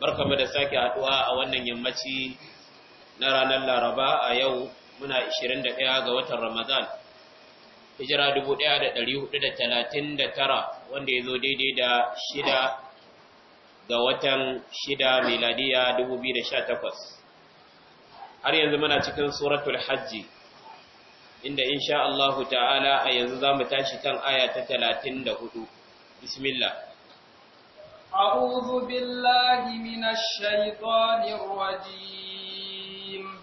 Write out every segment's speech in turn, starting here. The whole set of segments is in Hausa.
barkamu da sake haduwa a wannan yammaci na ranar Laraba a yau muna 21 ga watan Ramadan hijira 1439 wanda ya zo daidai da shida ga watan shida miladiya 2018 har yanzu muna cikin suratul hajji inda insha Allah ta'ala a yanzu za mu tashi kan aya ta 34 bismillah أعوذ بالله من الشيطان الرجيم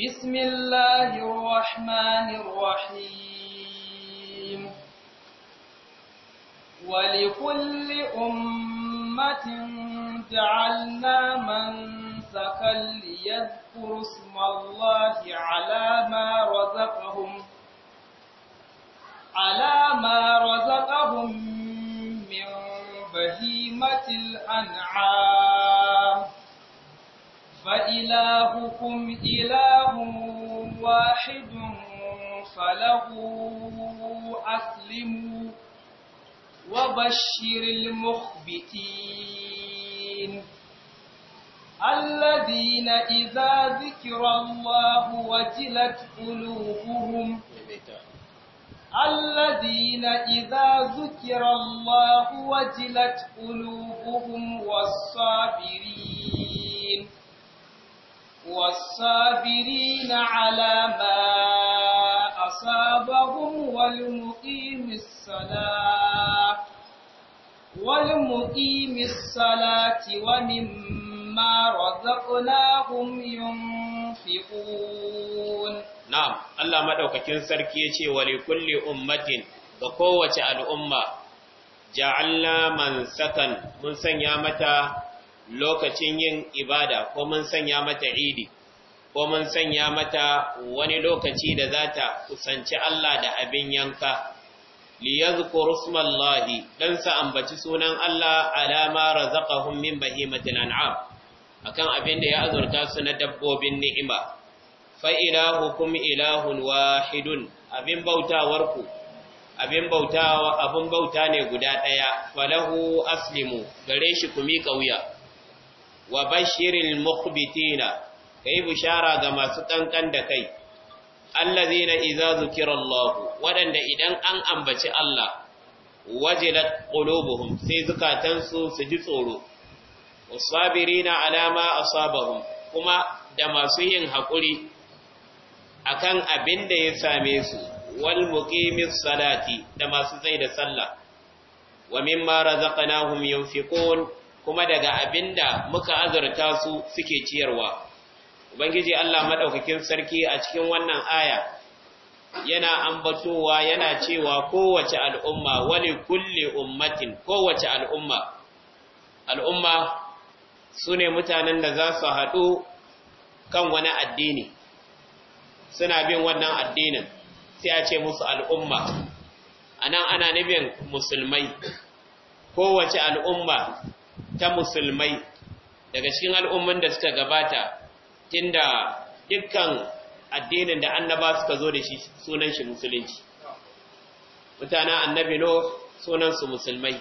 بسم الله الرحمن الرحيم ولكل أمة جعلنا منسكا ليذكروا اسم الله على ما رزقهم على ما رزقهم وبهيمة الأنعام فإلهكم إله واحد فله أسلموا وبشر المخبتين الذين إذا ذكر الله وجلت قلوبهم الذين إذا ذكر الله وجلت قلوبهم والصابرين والصابرين على ما أصابهم والمقيم الصلاة والمقيم الصلاة ومما رزقناهم ينفقون na'am Allah madaukakin sarki yace wa li kulli ummatin ga kowace al'umma ja'alna man sakan mun sanya mata lokacin yin ibada ko mun sanya mata idi ko mun sanya mata wani lokaci da za ta kusanci Allah da abin yanka li yadhkuru smallahi dan sa ambaci sunan Allah alama razaqahum min bahimatin an'am akan abin da ya azurta su na dabbobin ni'ima fa ilahukum ilahun wahidun abin bautawarku abin bautawa abin bauta ne guda ɗaya, falahu aslimu gare shi ku miƙa wuya wa bashiril mukhbitina kai bishara ga masu kankan da kai allazina idza zukirallahu wadanda idan an ambaci Allah wajilat qulubuhum sai zukatansu su ji tsoro wasabirina alama ma asabahum kuma da masu yin haƙuri. akan abin da ya same su wal muqimis salati da masu zai da sallah wa mimma razaqnahum yunfiqun kuma daga abinda muka azurta su suke ciyarwa ubangiji Allah madaukakin sarki a cikin wannan aya yana ambatowa yana cewa kowace al'umma wani kulle ummatin kowace al'umma al'umma sune mutanen da za su haɗu kan wani addini suna bin wannan addinin sai a ce musu al'umma anan ana nufin musulmai kowace al'umma ta musulmai daga cikin al'umman da suka gabata tinda dukkan addinin da annaba suka zo da shi sunan shi musulunci mutanen annabi no sunan su musulmai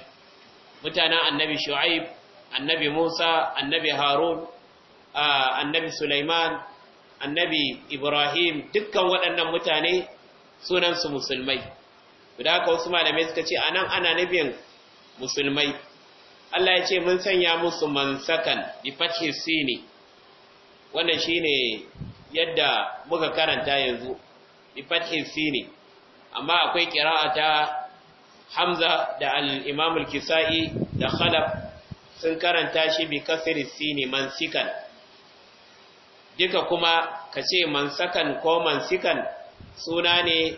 mutanen annabi shu'aib annabi musa annabi harun annabi sulaiman annabi ibrahim dukkan waɗannan mutane sunansu musulmai guda ka wasu malamai suka ce a nan ana nufin musulmai Allah ya ce mun sanya musu mansakan bi fathi sini wannan shine yadda muka karanta yanzu bi fathi sini amma akwai ta Hamza da al-Imam kisai da Khalaf sun karanta shi bi kasri sini mansikan duka kuma ka ce mansakan ko mansikan suna ne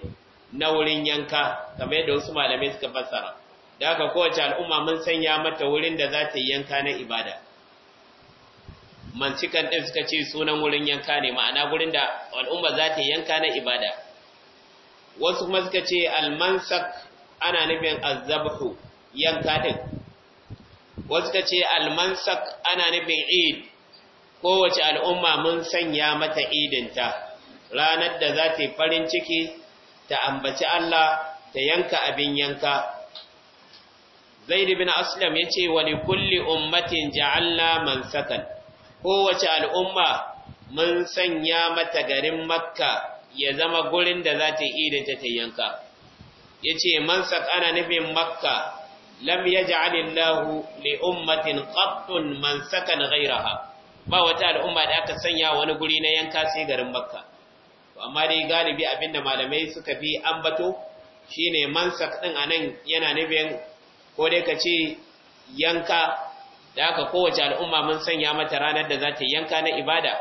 na wurin yanka game yadda wasu malamai suka fassara da aka kowace al'umma mun sanya mata wurin da za ta yi yanka na ibada mansikan ɗin suka ce sunan wurin yanka ne ma'ana wurin da al'umma za ta yi yanka na ibada wasu kuma suka ce almansak ana nufin azabhu yanka ɗin wasu suka ce almansak ana nufin eid kowace al'umma mun sanya mata idinta ranar da za ta farin ciki ta ambaci Allah ta yanka abin yanka zaid bin aslam ya ce wani kulli ummatin ja'alna mansakan kowace al'umma mun sanya mata garin makka ya zama gurin da za ta yi idinta ta yanka ya ce mansak ana nufin makka lam ya ja'alillahu li ummatin qattun mansakan gairaha. ba wata al'umma da aka sanya wani guri na yanka sai garin makka amma dai galibi abinda malamai suka fi ambato shine mansak din anan yana nufin ko dai ka ce yanka da aka kowace al'umma mun sanya mata ranar da za ta yanka na ibada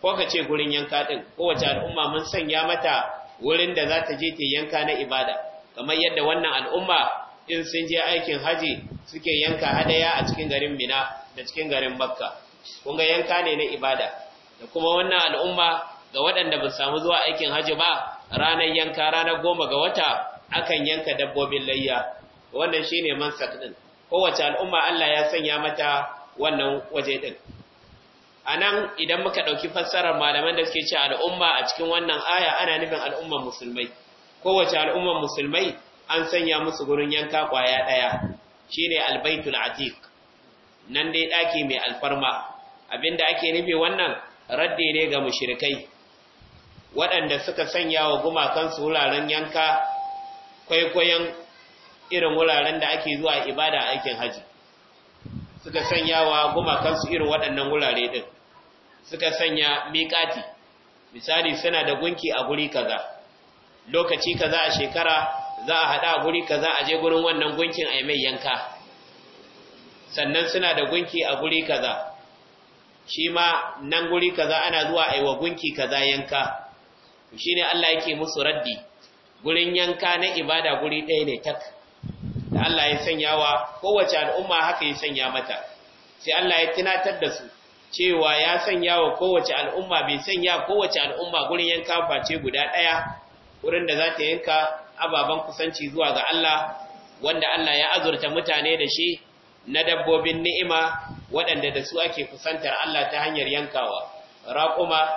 ko ka ce gurin yanka din kowace al'umma mun sanya mata wurin da za ta je ta yanka na ibada kamar yadda wannan al'umma in sun je aikin haji suke yanka hadaya a cikin garin mina da cikin garin makka Kunga yanka ne na ibada da kuma wannan al'umma ga waɗanda ba samu zuwa aikin haji ba ranar yanka ranar goma ga wata akan yanka dabbobin layya wannan shine mansak din kowace al'umma Allah ya sanya mata wannan waje din anan idan muka ɗauki fassarar malaman da suke cewa al'umma a cikin wannan aya ana nufin al'umman musulmai kowace al'umman musulmai an sanya musu gurin yanka kwaya daya shine albaitul atiq nan dai ɗaki mai alfarma abinda ake nufi wannan radde ne ga mushrikai waɗanda suka sanya wa su wuraren yanka kwaikwayon irin wuraren da ake zuwa ibada a aikin haji suka sanya wa su irin waɗannan wurare din, suka sanya miƙati misali suna da gunki a guri kaza lokaci kaza a shekara za a haɗa a guri kaza a je gurin wannan gunkin a mai yanka sannan suna da gunki a guri kaza shi ma nan guri kaza ana zuwa wa gunki kaza yanka Shi ne Allah yake musu raddi gurin yanka na ibada guri ɗaya ne tak da Allah ya sanya wa kowace al'umma haka ya sanya mata sai Allah ya tunatar da su cewa ya sanya wa kowace al'umma bai sanya kowace al'umma gurin yanka face guda ɗaya wurin da za ta yanka ababen kusanci zuwa ga Allah wanda Allah ya azurta mutane da shi na dabbobin ni'ima waɗanda da su ake kusantar Allah ta hanyar yankawa raƙuma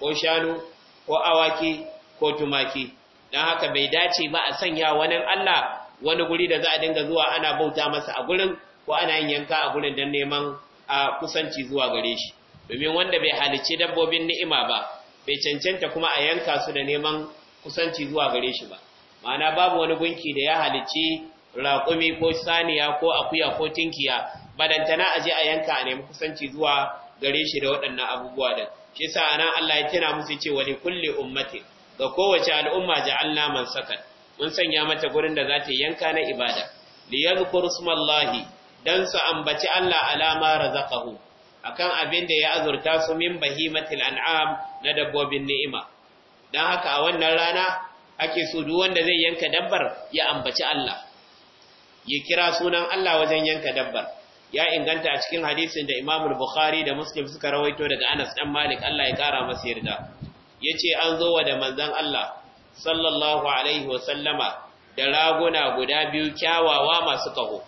ko shanu ko awaki ko tumaki don haka bai dace ba a sanya wani Allah wani guri da za a dinga zuwa ana bauta masa a gurin ko ana yin yanka a gurin don neman a kusanci zuwa gare shi domin wanda bai halicci dabbobin ni'ima ba bai cancanta kuma a yanka su da neman kusanci zuwa gare shi ba ma'ana babu wani gunki da ya halicci raƙumi ko saniya ko akuya ko tinkiya balantana aje a yanka a nemi kusanci zuwa gare shi da waɗannan abubuwa da shi sa anan Allah ya tana musu cewa li kulli ummati ga kowace al'umma ja'alna man sakat mun sanya mata gurin da za ta yanka na ibada li yadhkuru smallahi dan su ambaci Allah alama razaqahu akan abin da ya azurta su min bahimatil an'am na dabbobin ni'ima dan haka a wannan rana ake so duk wanda zai yanka dabbar ya ambaci Allah ya kira sunan Allah wajen yanka dabbar ya inganta a cikin hadisin da Imam Bukhari da Muslim suka rawaito daga Anas dan Malik Allah ya kara masa yarda yace an zo wa da manzon Allah sallallahu alaihi wa sallama da raguna guda biyu kyawawa masu kaho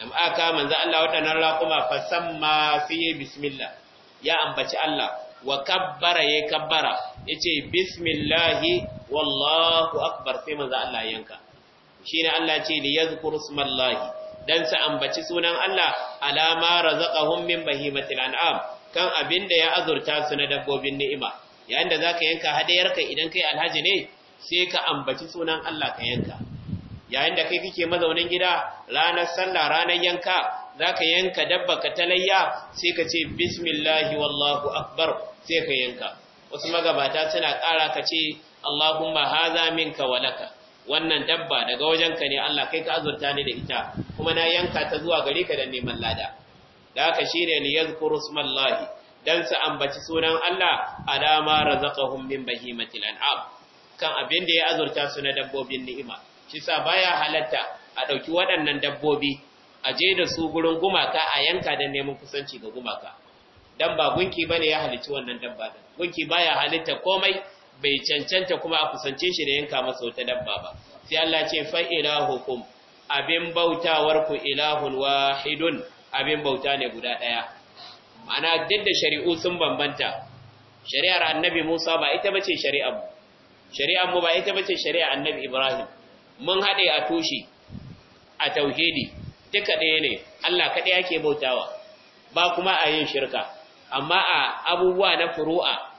dan aka manzon Allah wadannan fa samma fi bismillah ya ambaci Allah wa kabbara ya kabbara yace bismillahi wallahu akbar sai manzon Allah yanka shine Allah ce li yadhkuru smallahi dan su ambaci sunan Allah alama razaqahum min bahimatil an'am kan abinda ya azurta su na dabbobin ni'ima yayin da zaka yanka hadayarka idan kai alhaji ne sai ka ambaci sunan Allah ka yanka yayin da kai kike mazaunin gida ranar sallah ranar yanka zaka yanka dabba ka talayya sai ka ce bismillahi wallahu akbar sai ka yanka wasu magabata suna ƙara ka ce Allahumma haza minka walaka wannan dabba daga wajenka ne Allah kai ka azurta ni da ita kuma na yanka ta zuwa gare ka dan neman lada da haka shine ni yazkuru smallahi dan su ambaci sunan Allah alama razaqahum min bahimatil an'am kan abin da ya azurta su na dabbobin ni'ima shi sa baya halatta a dauki waɗannan dabbobi a je da su gurin gumaka a yanka dan neman kusanci ga gumaka dan ba gunki bane ya halitta wannan dabba gunki baya halitta komai bai cancanta kuma a kusance shi da yanka masa wata dabba ba sai Allah ce fa ilahukum abin bautawar ku ilahun wahidun abin bauta ne guda daya ma'ana duk da shari'u sun bambanta shari'ar annabi Musa ba ita bace shari'ar mu shari'ar mu ba ita bace shari'ar annabi Ibrahim mun hade a tushe a tauhidi duka ɗaya ne Allah kaɗai yake bautawa ba kuma a yin shirka amma a abubuwa na furu'a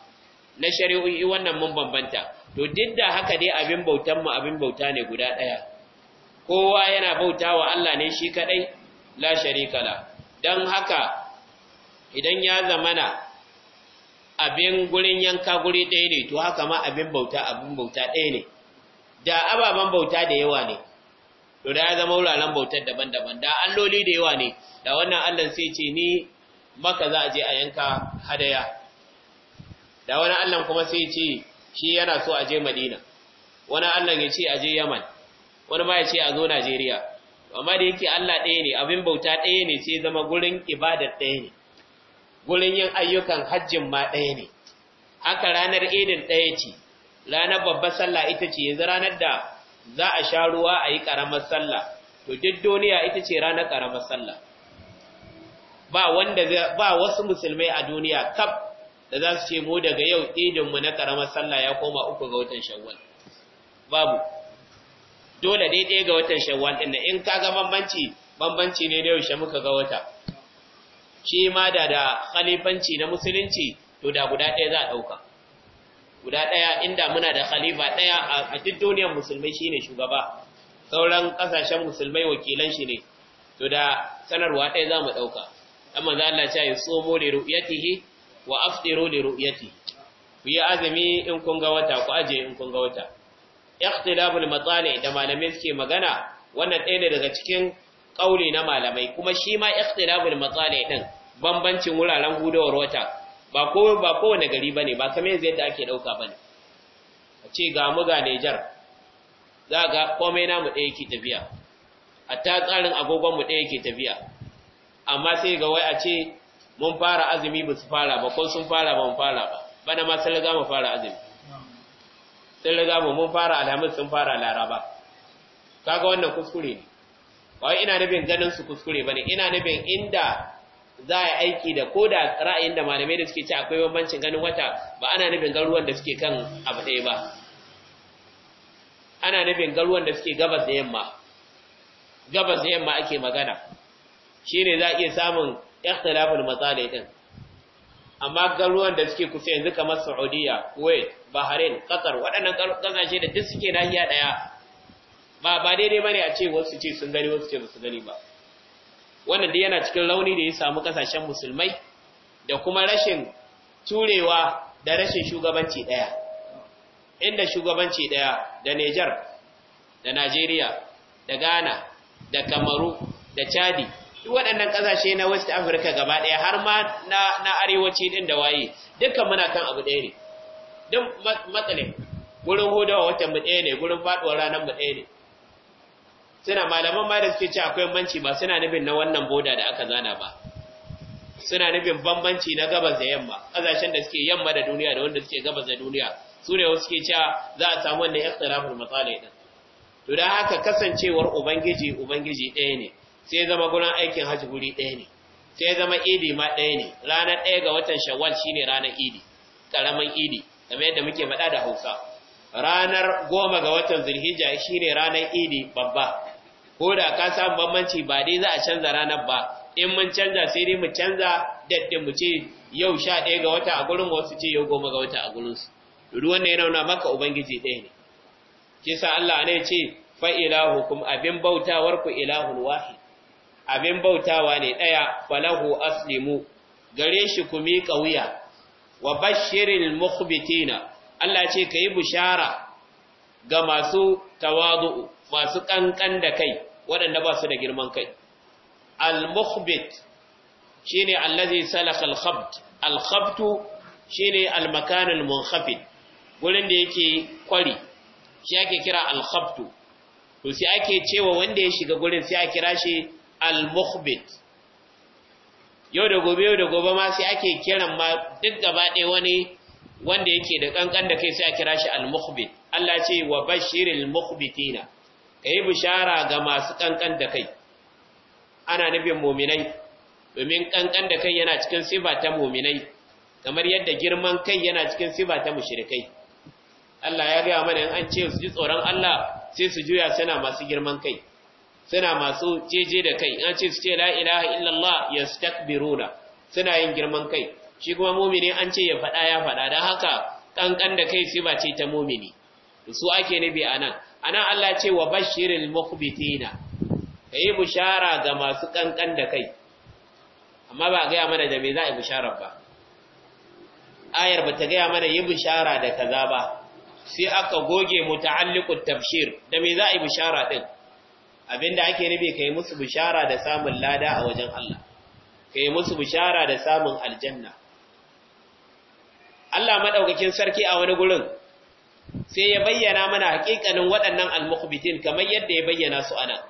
na shari'o'i wannan mun bambanta to duk da haka dai abin bautan mu abin bauta ne guda ɗaya kowa yana bautawa Allah ne shi kadai la sharika la dan haka idan ya zamana abin gurin yanka guri ɗaya ne to haka ma abin bauta abin bauta ɗaya ne da ababen bauta da yawa ne to da ya zama wuraren bautar daban-daban da alloli da yawa ne da wannan Allah sai ce ni maka za a je a yanka hadaya da wani Allah kuma sai ya ce shi yana so a je Madina wani Allah ya ce a je Yaman wani ma ya ce a zo Najeriya amma da yake Allah ɗaya ne abin bauta ɗaya ne sai zama gurin ibadar ɗaya ne gurin yin ayyukan hajjin ma ɗaya ne haka ranar idin ɗaya ce ranar babbar sallah ita ce yanzu ranar da za a sha ruwa a yi ƙaramar sallah to duk duniya ita ce ranar ƙaramar sallah ba wanda ba wasu musulmai a duniya kaf da za su ce mu daga yau idinmu na ƙaramar sallah ya koma uku ga watan shawwal babu dole dai ɗaya ga watan shawwal ɗin da in kaga bambanci bambanci ne da yaushe muka ga wata shi ma da da khalifanci na musulunci to da guda ɗaya za a ɗauka guda ɗaya inda muna da khalifa ɗaya a duk duniyar musulmai shine shugaba sauran ƙasashen musulmai wakilan shi ne to da sanarwa ɗaya za mu ɗauka amma za Allah ya yi tsomo da ru'yatihi wa afsiru li ru'yati ku yi azumi in kun ga wata ku aje in kun ga wata ikhtilaful matali da malamin suke magana wannan ɗaya ne daga cikin kauli na malamai kuma shi ma ikhtilaful matali din bambancin wuraren gudawar wata ba ko ba kowane gari bane ba kamar yadda ake dauka bane a ce ga mu ga Niger za ga komai namu ɗaya yake tafiya a ta tsarin agogon mu ɗaya yake tafiya amma sai ga wai a ce mun fara azumi ba su fara ba ko sun fara ba mun fara ba bana ma sun riga mu fara azumi sun riga mu mun fara alhamis sun fara laraba kaga wannan kuskure ne ba wai ina nufin ganin su kuskure bane ina nufin inda za a yi aiki da ko da ra'ayin da malamai da suke ci akwai bambancin ganin wata ba ana nufin garuwan da suke kan abu ɗaya ba ana nufin garuwan da suke gabas da yamma gabas da yamma ake magana shine za a iya samun ikhtilaful masalih amma garuwan da suke kusa yanzu kamar Saudiya, Kuwait, Bahrain, Qatar waɗannan kasashe da duk suke nahiya daya ba ba daidai bane a ce wasu ce sun gani wasu ce su gani ba wannan dai yana cikin rauni da ya samu kasashen musulmai da kuma rashin turewa da rashin shugabanci daya inda shugabanci daya da Niger da Najeriya da Ghana da Kamaru da Chadi duk waɗannan ƙasashe na West Africa gaba ɗaya har ma na, na arewaci ɗin da waye dukkan muna kan abu ɗaya ne duk matsale gurin hudawa watan mu ɗaya ne gurin faɗuwar ranar mu ɗaya ne suna malaman ma da suke ce akwai banci ba suna nufin na wannan boda da aka zana ba suna nufin bambanci na gabas da yamma ƙasashen da suke yamma da duniya da wanda suke gabas da duniya su ne wasu suke cewa za a samu wannan ikhtilafin matsala ɗin to da haka kasancewar ubangiji ubangiji ɗaya ne sai zama gurin aikin hajji guri ɗaya ne sai zama idi ma ɗaya ne ranar ɗaya ga watan shawwal shine ranar idi ƙaramin idi kamar yadda muke faɗa da hausa ranar goma ga watan zulhijja shine ranar idi babba ko da ka samu bambanci ba dai za a canza ranar ba in mun canza sai dai mu canza dadda mu ce yau sha ɗaya ga wata a gurin wasu ce yau goma ga wata a su." duk wannan yana nauna maka ubangiji ɗaya ne kisa Allah ne ce fa kuma abin bautawar ku ilahul wahid abin bautawa ne ɗaya falahu aslimu gare shi ku miƙa wuya wa bashirin mukhbitina Allah ce ka yi bushara ga masu tawadu'u masu ƙanƙan da kai waɗanda ba su da girman kai al-mukhbit shi ne allazi salak al-khabt al-khabtu shi ne al munkhafid gurin da yake kwari shi ake kira al-khabtu to sai ake cewa wanda ya shiga gurin sai a kira shi al-mukhbit yau da gobe yau da gobe ma sai ake kiran ma duk gaba ɗaya wani wanda yake da kankan da kai sai a kira shi al-mukhbit Allah ce wa bashiril mukhbitina kai bishara ga masu kankan da kai ana nufin mu'minai domin kankan da kai yana cikin sifa ta mu'minai kamar yadda girman kai yana cikin sifa ta mushrikai Allah ya ga mana in an ce su ji tsoron Allah sai su juya suna masu girman kai suna masu jeje da kai an ce su ce la ilaha illallah yastakbiruna suna yin girman kai shi kuma mumini an ce ya faɗa ya faɗa dan haka kankan da kai ba ce ta mumini su ake nabi anan nan a nan Allah ce wa bashirin mukhbitina ka bushara ga masu kankan da kai amma ba gaya mana da me za a yi bushara ba ayar ba ta gaya mana yi bushara da kaza ba sai aka goge muta'alliqut tafsir da me za a yi bushara din abinda ake nufi kai musu bishara da samun lada a wajen Allah kai musu bishara da samun aljanna Allah madaukakin sarki a wani gurin sai ya bayyana mana hakikanin waɗannan al al-mukhbitin kamar yadda ya bayyana su anan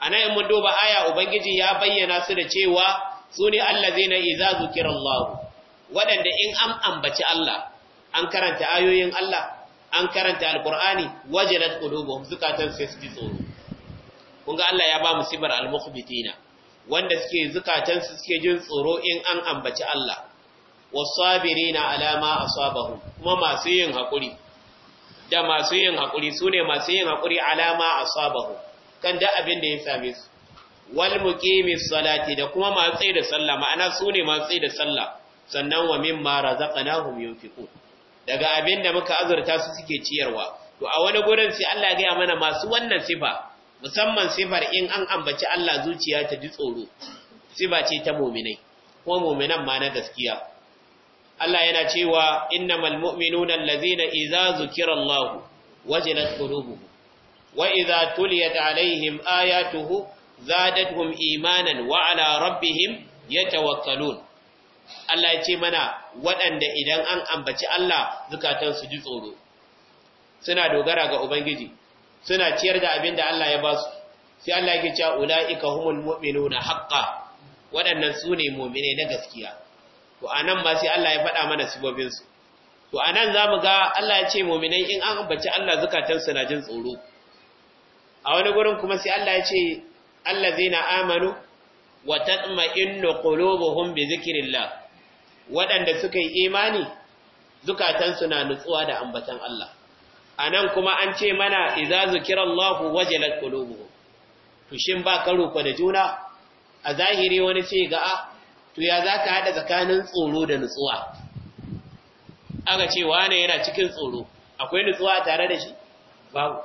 anan in mun duba aya ubangiji ya bayyana su da cewa Su sune allazina idza zukirallahu waɗanda in an ambaci Allah an karanta ayoyin Allah an karanta alqur'ani wajadat qulubuhum zukatan sai su tsoro kun ga Allah ya ba mu sibar al-mukhbitina wanda suke zukatan su suke jin tsoro in an ambaci Allah was-sabirina ala ma asabahu kuma masu yin hakuri da masu yin hakuri sune masu yin hakuri ala ma asabahu kan da abin da ya same su wal muqimis salati da kuma masu tsaye da sallah ma'ana sune masu tsaye da sallah sannan wa mimma razaqnahum yunfiqu daga abin da muka azurta su suke ciyarwa to a wani gurin sai Allah ya ga mana masu wannan sifa musamman sifar in an ambaci Allah zuciya ta ji tsoro sifa ce ta mu'minai ko mu'minan ma na gaskiya Allah yana cewa innamal mu'minuna allazina idza zukira Allah wajilat qulubuhum wa idza tuliyat alaihim ayatuhu zadatuhum imanan wa ala rabbihim yatawakkalun Allah ya ce mana waɗanda idan an ambaci Allah zukatansu ji tsoro suna dogara ga ubangiji suna ciyar da abin da Allah ya ba su sai Allah yake cewa ulaika humul mu'minuna haqqan waɗannan su ne mu'mine na gaskiya to anan ma sai Allah ya faɗa mana sibobin su to anan zamu ga Allah ya ce mu'minai in an ambaci Allah zakatan su na jin tsoro a wani gurin kuma sai Allah ya ce allazina amanu wa tatma'innu qulubuhum bi zikrillah waɗanda suka yi imani zukatansu na nutsuwa da ambatan Allah anan kuma an ce mana idza zikirallahu wajalat qulubuhum to shin ba karo ko da juna a zahiri wani ce ga a ah, to ya zaka hada tsakanin tsoro da nutsuwa aka ce wane yana cikin tsoro akwai nutsuwa tare da shi babu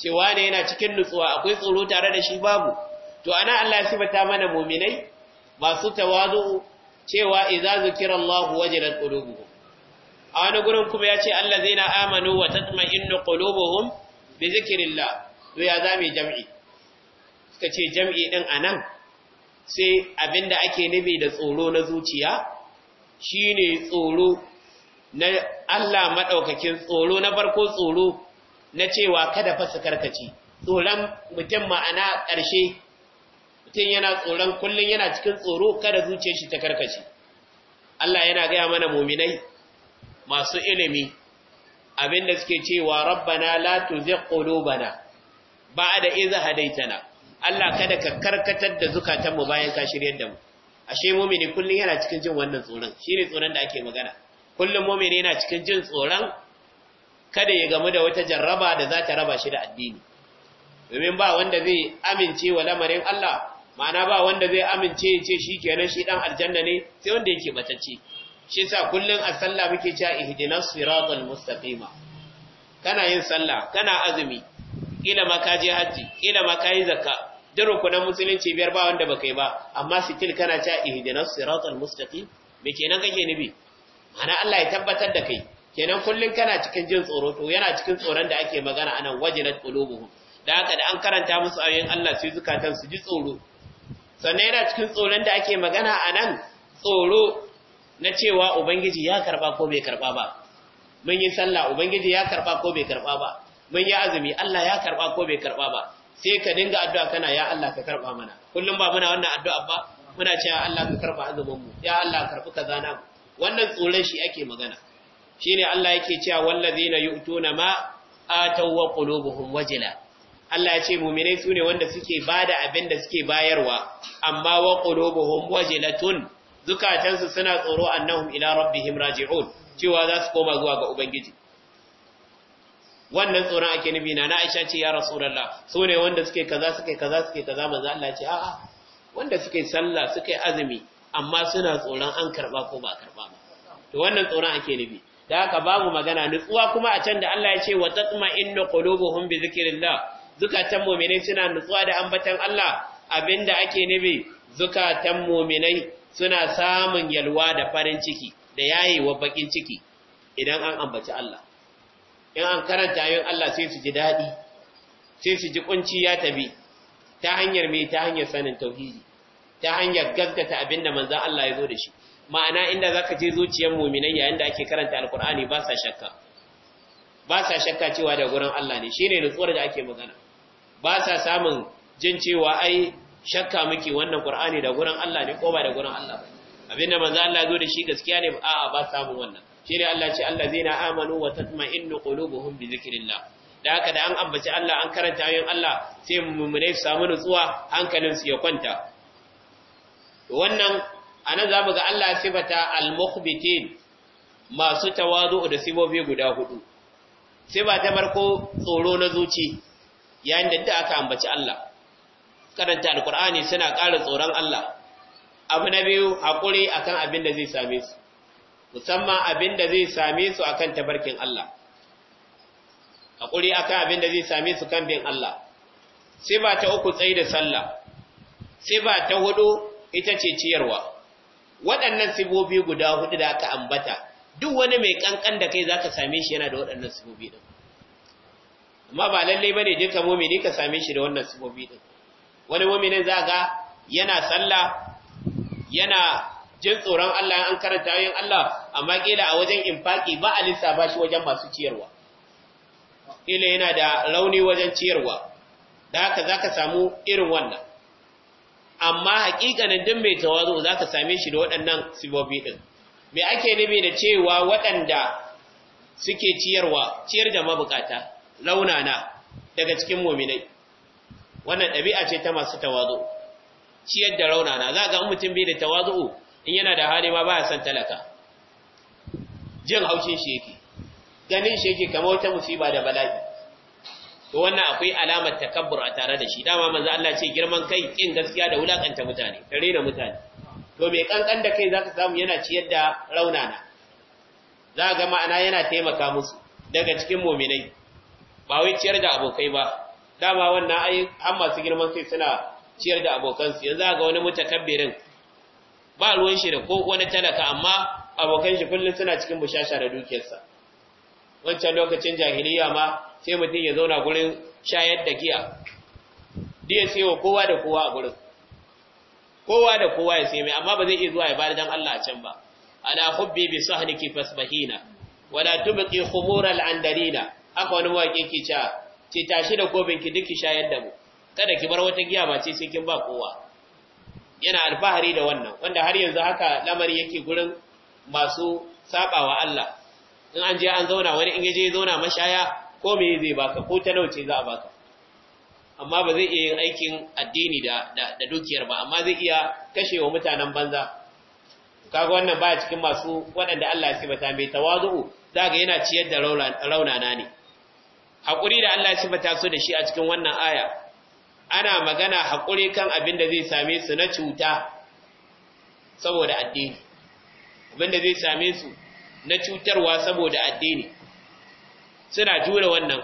ce wane yana cikin nutsuwa akwai tsoro tare da shi babu to ana Allah ya sifata mana mu'minai masu tawazu cewa idza zikirallahu wajalat qulubuhum a wani gurin kuma ya ce Allah zai na amanu wa tatma inu ƙulubuhun bi zikrillah to ya zame jam'i suka ce jam'i din anan sai abinda ake nufi da tsoro na zuciya shine tsoro na Allah maɗaukakin tsoro na farko tsoro na cewa kada fa su tsoron mutum ma'ana ƙarshe mutum yana tsoron kullum yana cikin tsoro kada zuciyar shi ta karkace Allah yana gaya mana muminai masu ilimi abinda suke cewa rabbana la tuzigh qulubana ba'da idh hadaytana Allah kada ka karkatar da zukatanmu bayan ka shiryar da mu ashe mu'mini kullun yana cikin jin wannan tsoron shine tsoron da ake magana kullun mu'mini yana cikin jin tsoron kada ya gamu da wata jarraba da za ta raba shi da addini domin ba wanda zai amince wa lamarin Allah ma'ana ba wanda zai amince ya ce shi kenan shi dan aljanna ne sai wanda yake batacce shi sa kullum a sallah muke cewa ihdinas siratal mustaqima kana yin sallah kana azumi kila ma ka je haji kila ma ka yi zakka duk na musulunci biyar ba wanda baka yi ba amma sitil kana cewa ihdinas siratal mustaqim me kenan kake nubi ana Allah ya tabbatar da kai kenan kullum kana cikin jin tsoro to yana cikin tsoron da ake magana anan wajilat qulubuhum da haka da an karanta musu ayoyin Allah sai zukatan su ji tsoro sannan yana cikin tsoron da ake magana anan tsoro na cewa ubangiji ya karba ko bai karba ba mun yi sallah ubangiji ya karba ko bai karba ba mun yi azumi Allah ya karba ko bai karba ba sai ka dinga addu'a kana ya Allah ka karba mana kullum ba muna wannan addu'a ba muna cewa Allah ka karba azumin mu ya Allah karbi kaza na wannan tsoron shi ake magana shine Allah yake cewa wallazina yu'tuna ma ataw wa qulubuhum wajila Allah ya ce mu'minai sune wanda suke bada abin da suke bayarwa amma wa qulubuhum wajilatun zukatansu suna tsoro annahum ila rabbihim raji'un cewa za su koma zuwa ga ubangiji wannan tsoron ake nufi na Aisha ce ya Rasulullah so ne wanda suke kaza suke kaza suke kaza manzo Allah ce a'a wanda suke sallah suke azumi amma suna tsoron an karba ko ba karba ba to wannan tsoron ake nufi da haka babu magana nutsuwa kuma a can da Allah ya ce wa inna qulubuhum bi zikrillah zukatan mu'minai suna nutsuwa da ambaton Allah abinda ake nufi zukatan mu'minai suna samun yalwa da farin ciki da yayewa bakin ciki idan an ambaci Allah in an karanta ayoyin Allah sai su ji daɗi, sai su ji kunci ya tabi ta hanyar mai ta hanyar sanin tauhidi ta hanyar gaskata abinda manzan Allah ya zo da shi ma'ana inda zaka je zuciyar mu'minai yayin da ake karanta alkur'ani ba sa shakka ba sa shakka cewa da gurin Allah ne shine nutsuwar da ake magana ba sa samun jin cewa ai shakka muke wannan Qur'ani da gurin Allah ne ko ba da gurin Allah ba abinda manzo Allah zo da shi gaskiya ne a'a ba samu wannan shine Allah ce allazina amanu wa tatma'innu qulubuhum bi dhikrillah da haka da an ambaci Allah an karanta ayoyin Allah sai mu'minai su samu nutsuwa hankalin su ya kwanta wannan anan zamu ga Allah sifata al-mukhbitin masu tawazu da sibobi guda hudu sai ba ta farko tsoro na zuci yayin da duk aka ambaci Allah karanta alkur'ani suna ƙara tsoron Allah abu na biyu haƙuri akan abin da zai same su musamman abin da zai same su a kan tabarkin Allah haƙuri akan abin da zai same su kan bin Allah sifa ta uku tsayi da sallah sifa ta hudu ita ce ciyarwa waɗannan sibobi guda hudu da aka ambata duk wani mai kankan da kai zaka same shi yana da waɗannan sibobi din amma ba lalle bane duka mumini ka same shi da wannan sibobi din wani muminin za ga yana sallah yana jin tsoron Allah an karanta yin Allah amma kila a wajen infaki ba a lissafa shi wajen masu ciyarwa kila yana da rauni wajen ciyarwa da haka zaka samu irin wannan amma hakikanin din mai tawazu ka same shi da waɗannan sibobi ɗin me ake nufi da cewa waɗanda suke ciyarwa ciyar da mabukata launana daga cikin mominai? wannan ɗabi'a ce ta masu tawazu ciyar da raunana za ga mutum bai da tawazu in yana da hali ma baya san talaka jin haushin shi yake ganin shi yake kamar wata musiba da bala'i to wannan akwai alamar takabbur a tare da shi dama manzo Allah ce girman kai kin gaskiya da wulakanta mutane tare da mutane to me kankan da kai zaka samu yana ciyar da raunana za ga ma'ana yana taimaka musu daga cikin mu'minai ba wai ciyar da abokai ba dama wannan ai an masu girman sai suna ciyar da abokansu yanzu ga wani mutakabbirin ba ruwan shi da ko wani talaka amma abokan shi kullum suna cikin bushasha da dukiyarsa wancan lokacin jahiliya ma sai mutum ya zauna gurin shayar da giya diya sai wa kowa da kowa a gurin kowa da kowa ya sai mai amma ba zai iya zuwa ya bada dan Allah a can ba ala hubbi bi sahniki fasbahina wala tubqi khumura al-andarina haka wani waƙe ke cewa ce tashi da kofin ki duki shayar da mu kada ki bar wata giya ba ce sai kin ba kowa yana alfahari da wannan wanda har yanzu haka lamari yake gurin masu sabawa Allah in an je an zauna wani in yaje ya zauna mashaya ko me zai baka ko ta nauce za a baka amma ba zai iya yin aikin addini da da dukiyar ba amma zai iya kashewa mutanen banza kaga wannan ba cikin masu waɗanda Allah ya sibata mai tawazu zaga yana ciyar da raunana ne haƙuri da Allah ya sifata su da shi a cikin wannan aya ana magana haƙuri kan abin da zai same su na cuta saboda addini abin da zai same su na cutarwa saboda addini suna jure wannan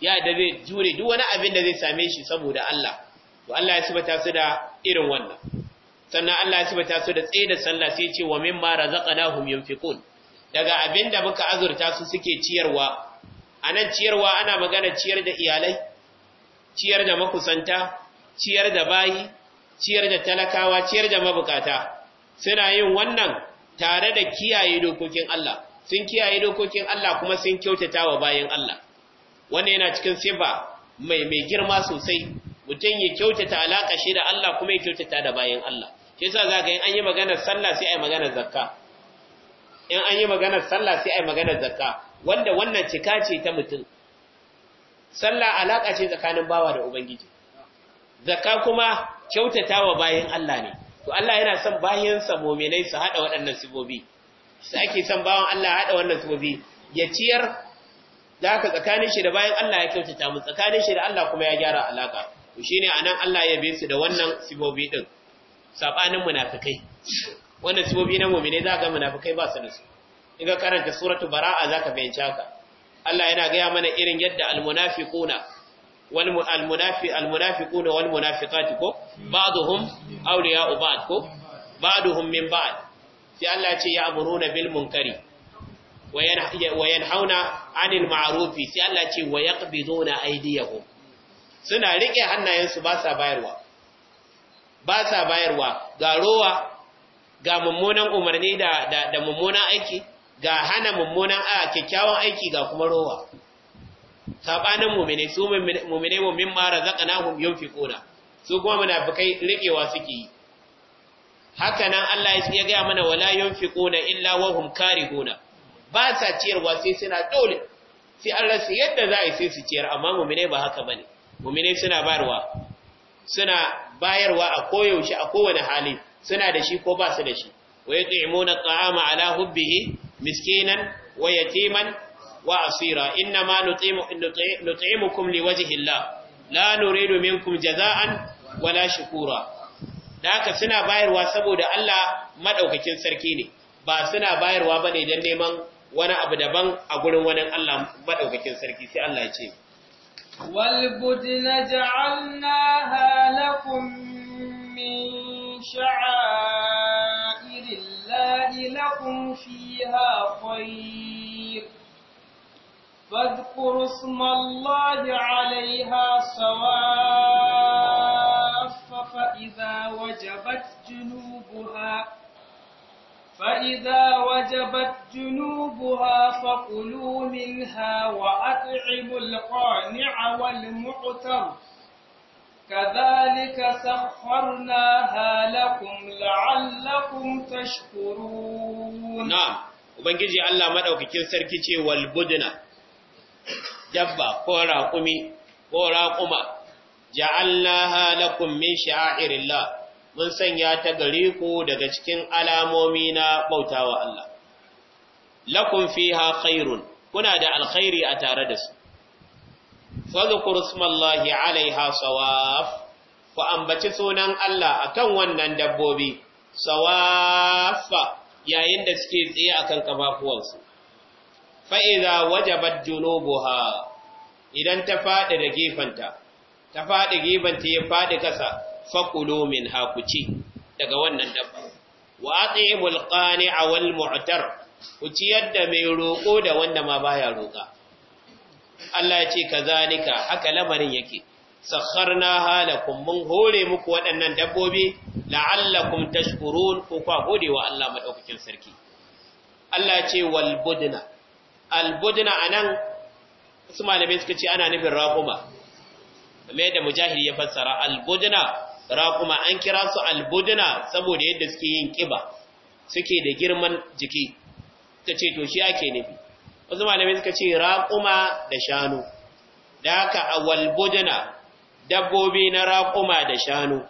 ya da zai jure duk wani abin da zai same shi saboda Allah to Allah ya sifata su da irin wannan sannan Allah ya sifata su da tsaye da sallah sai ce wa mimma razaqnahum yunfiqun daga abin da muka azurta su suke ciyarwa a nan ciyarwa ana magana ciyar da iyalai ciyar da makusanta ciyar da bayi ciyar da talakawa ciyar da mabukata suna yin wannan tare da kiyaye dokokin Allah sun kiyaye dokokin Allah kuma sun kyautata wa bayan Allah wannan yana cikin sifa mai mai girma sosai mutum ya kyautata alaƙa shi da Allah kuma ya kyautata da bayan Allah shi yasa zaka yi an yi maganar sallah sai ai maganar zakka in an yi maganar sallah sai ai maganar zakka wanda wannan cika ce ta mutum sallah alaka ce tsakanin bawa da ubangiji zakka kuma kyautatawa bayan Allah ne to Allah yana son bayansa mu'minai su hada waɗannan sibobi sai ake son bawan Allah hada wannan sibobi ya ciyar da haka tsakanin shi da bayan Allah ya kyautata mu tsakanin shi da Allah kuma ya gyara alaka to shine anan Allah ya bi su da wannan sibobi din sabanin munafikai wannan sibobi na muminai za ga munafikai ba su da su in ka karanta suratu bara'a zaka fahimci haka Allah yana gaya mana irin yadda almunafiquna wal almunafi almunafiquna wal munafiqati ko ba'dhum awliya'u ba'd ko ba'dhum min ba'd sai Allah ce ya amuruna bil munkari wa yanhauna 'anil ma'rufi sai Allah ce wa yaqbiduna aydiyahum suna rike hannayensu ba sa bayarwa ba sa bayarwa ga rowa ga mummunan umarni da da mummunan aiki ga hana mummunan a kyakkyawan aiki ga kuma rowa sabanin mu'mini su mu'mini mu'min ma razaqnahum yunfiquna su kuma munafikai rikewa suke yi haka nan Allah ya ga mana wala yunfiquna illa wa hum karihuna ba sa ciyarwa sai suna dole sai Allah sai yadda za a yi sai su ciyar amma mummune ba haka bane mu'mini suna bayarwa suna bayarwa a koyaushe a kowane hali suna da shi ko ba su da shi wa yut'imuna at'ama ala hubbihi miskinan wa yatiman wa asira inna ma nut'imukum liwajhillah la nuridu minkum jaza'an wala shukura da haka suna bayarwa saboda Allah madaukakin sarki ne ba suna bayarwa ba ne dan neman wani abu daban a gurin wani Allah madaukakin sarki sai Allah ya ce wal budna ja'alnaha lakum min sha'airillahi lakum fi خير فاذكروا اسم الله عليها صواف فإذا وجبت جنوبها فإذا وجبت جنوبها فكلوا منها وأطعموا القانع والمعتر كذلك سخرناها لكم لعلكم تشكرون نعم ubangiji Allah madaukakin sarki ce wal budna dabba ko raƙumi ko raquma ja'alnaha lakum min sha'airillah mun sanya ta gare ku daga cikin alamomi na bautawa Allah lakum fiha khairun kuna da alkhairi a tare da su fadhkuru ismallahi alaiha sawaf ku ambaci sunan Allah akan wannan dabbobi sawafa yayin da suke tsaye akan kafafuwansu fa idza wajabat junubuwa, idan ta fadi da gefanta ta fadi gefanta ya fadi kasa faqulu min hakuci daga wannan dabba wa atimul qani'a wal mu'tar ku ciyar da mai roƙo da wanda ma baya roƙa Allah ya ce kazalika haka lamarin yake sakharna halakum mun hore muku waɗannan dabbobi la'allakum tashkurun ko kwa gode wa Allah madaukakin sarki Allah ce wal budna al budna anan su malamai suka ce ana nufin raquma kamar da mujahid ya fassara al budna raquma an kira su al budna saboda yadda suke yin kiba suke da girman jiki tace to shi ake nufi wasu malamai suka ce raquma da shanu da haka awal budna dabbobi na raƙuma da shanu